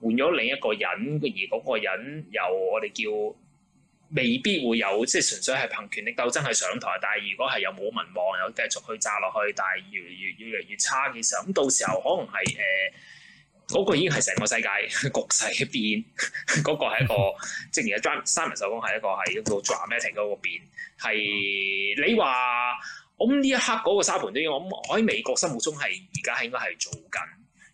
換咗另一個人，而嗰個人有我哋叫未必會有，即係純粹係憑權力鬥爭係上台。但係如果係有冇民望，又繼續去炸落去，但係越嚟越越嚟越，越，越差嘅時候，咁到時候可能係誒。呃嗰個已經係成個世界局勢一變，嗰 個係一個，正如而 drum 三文手工係一個係一個 dramatic 嗰個變，係你話，我呢一刻嗰個沙盤都要，我喺美國心目中係而家係應該係做緊，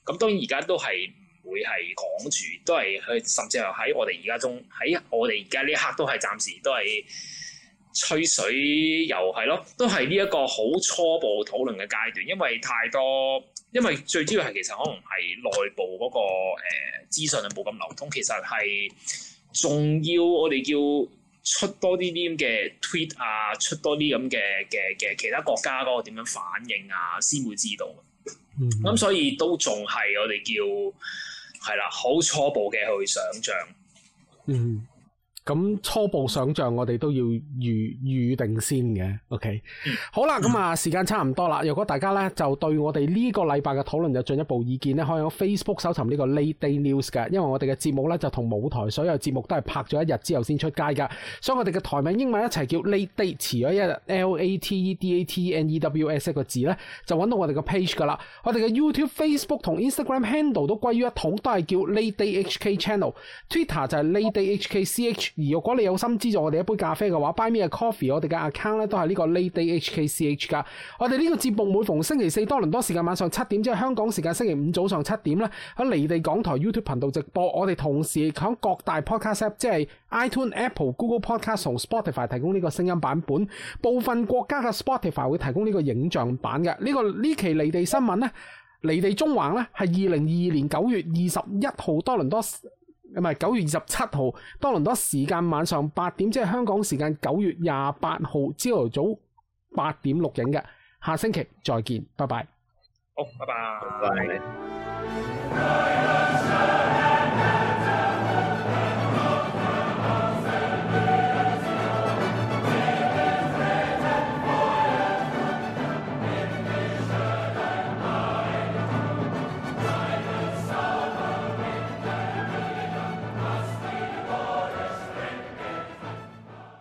咁當然而家都係唔會係講住，都係去，甚至係喺我哋而家中，喺我哋而家呢一刻都係暫時都係。吹水又係咯，都係呢一個好初步討論嘅階段，因為太多，因為最主要係其實可能係內部嗰、那個誒、呃、資訊啊冇咁流通，其實係仲要我哋叫出多啲啲咁嘅 tweet 啊，出多啲咁嘅嘅嘅其他國家嗰個點樣反應啊，先會知道。咁、嗯、哼所以都仲係我哋叫係啦，好初步嘅去想像。嗯。咁初步想象，我哋都要預預定先嘅。OK、嗯、好啦，咁啊，時間差唔多啦。如果大家呢，就對我哋呢個禮拜嘅討論有進一步意見呢，可以喺 Facebook 搜尋呢個 Late Date News 嘅。因為我哋嘅節目呢，就同舞台所有節目都係拍咗一日之後先出街噶，所以我哋嘅台名英文一齊叫 Late Date，遲咗一日，L A T E D A T E N E W S 一個字呢，就揾到我哋個 page 噶啦。我哋嘅 YouTube、Facebook 同 Instagram handle 都歸於一統，都係叫 Late Date HK Channel。Twitter 就係 Late Date HK C H。而如果你有心資助我哋一杯咖啡嘅話，Buy Me A Coffee 我哋嘅 account 咧，都係呢個 LateDate HKCH 噶。我哋呢個節目每逢星期四多倫多時間晚上七點，即係香港時間星期五早上七點咧，喺離地港台 YouTube 頻道直播。我哋同時喺各大 podcast app，即係 iTune、Apple、Google Podcast、同 Spotify 提供呢個聲音版本。部分國家嘅 Spotify 會提供呢個影像版嘅。呢、這個呢期離地新聞呢，離地縱橫呢，係二零二二年九月二十一號多倫多。係九月二十七號，多倫多時間晚上八點，即係香港時間九月廿八號朝頭早八點錄影嘅，下星期再見，拜拜。好，拜拜。Bye.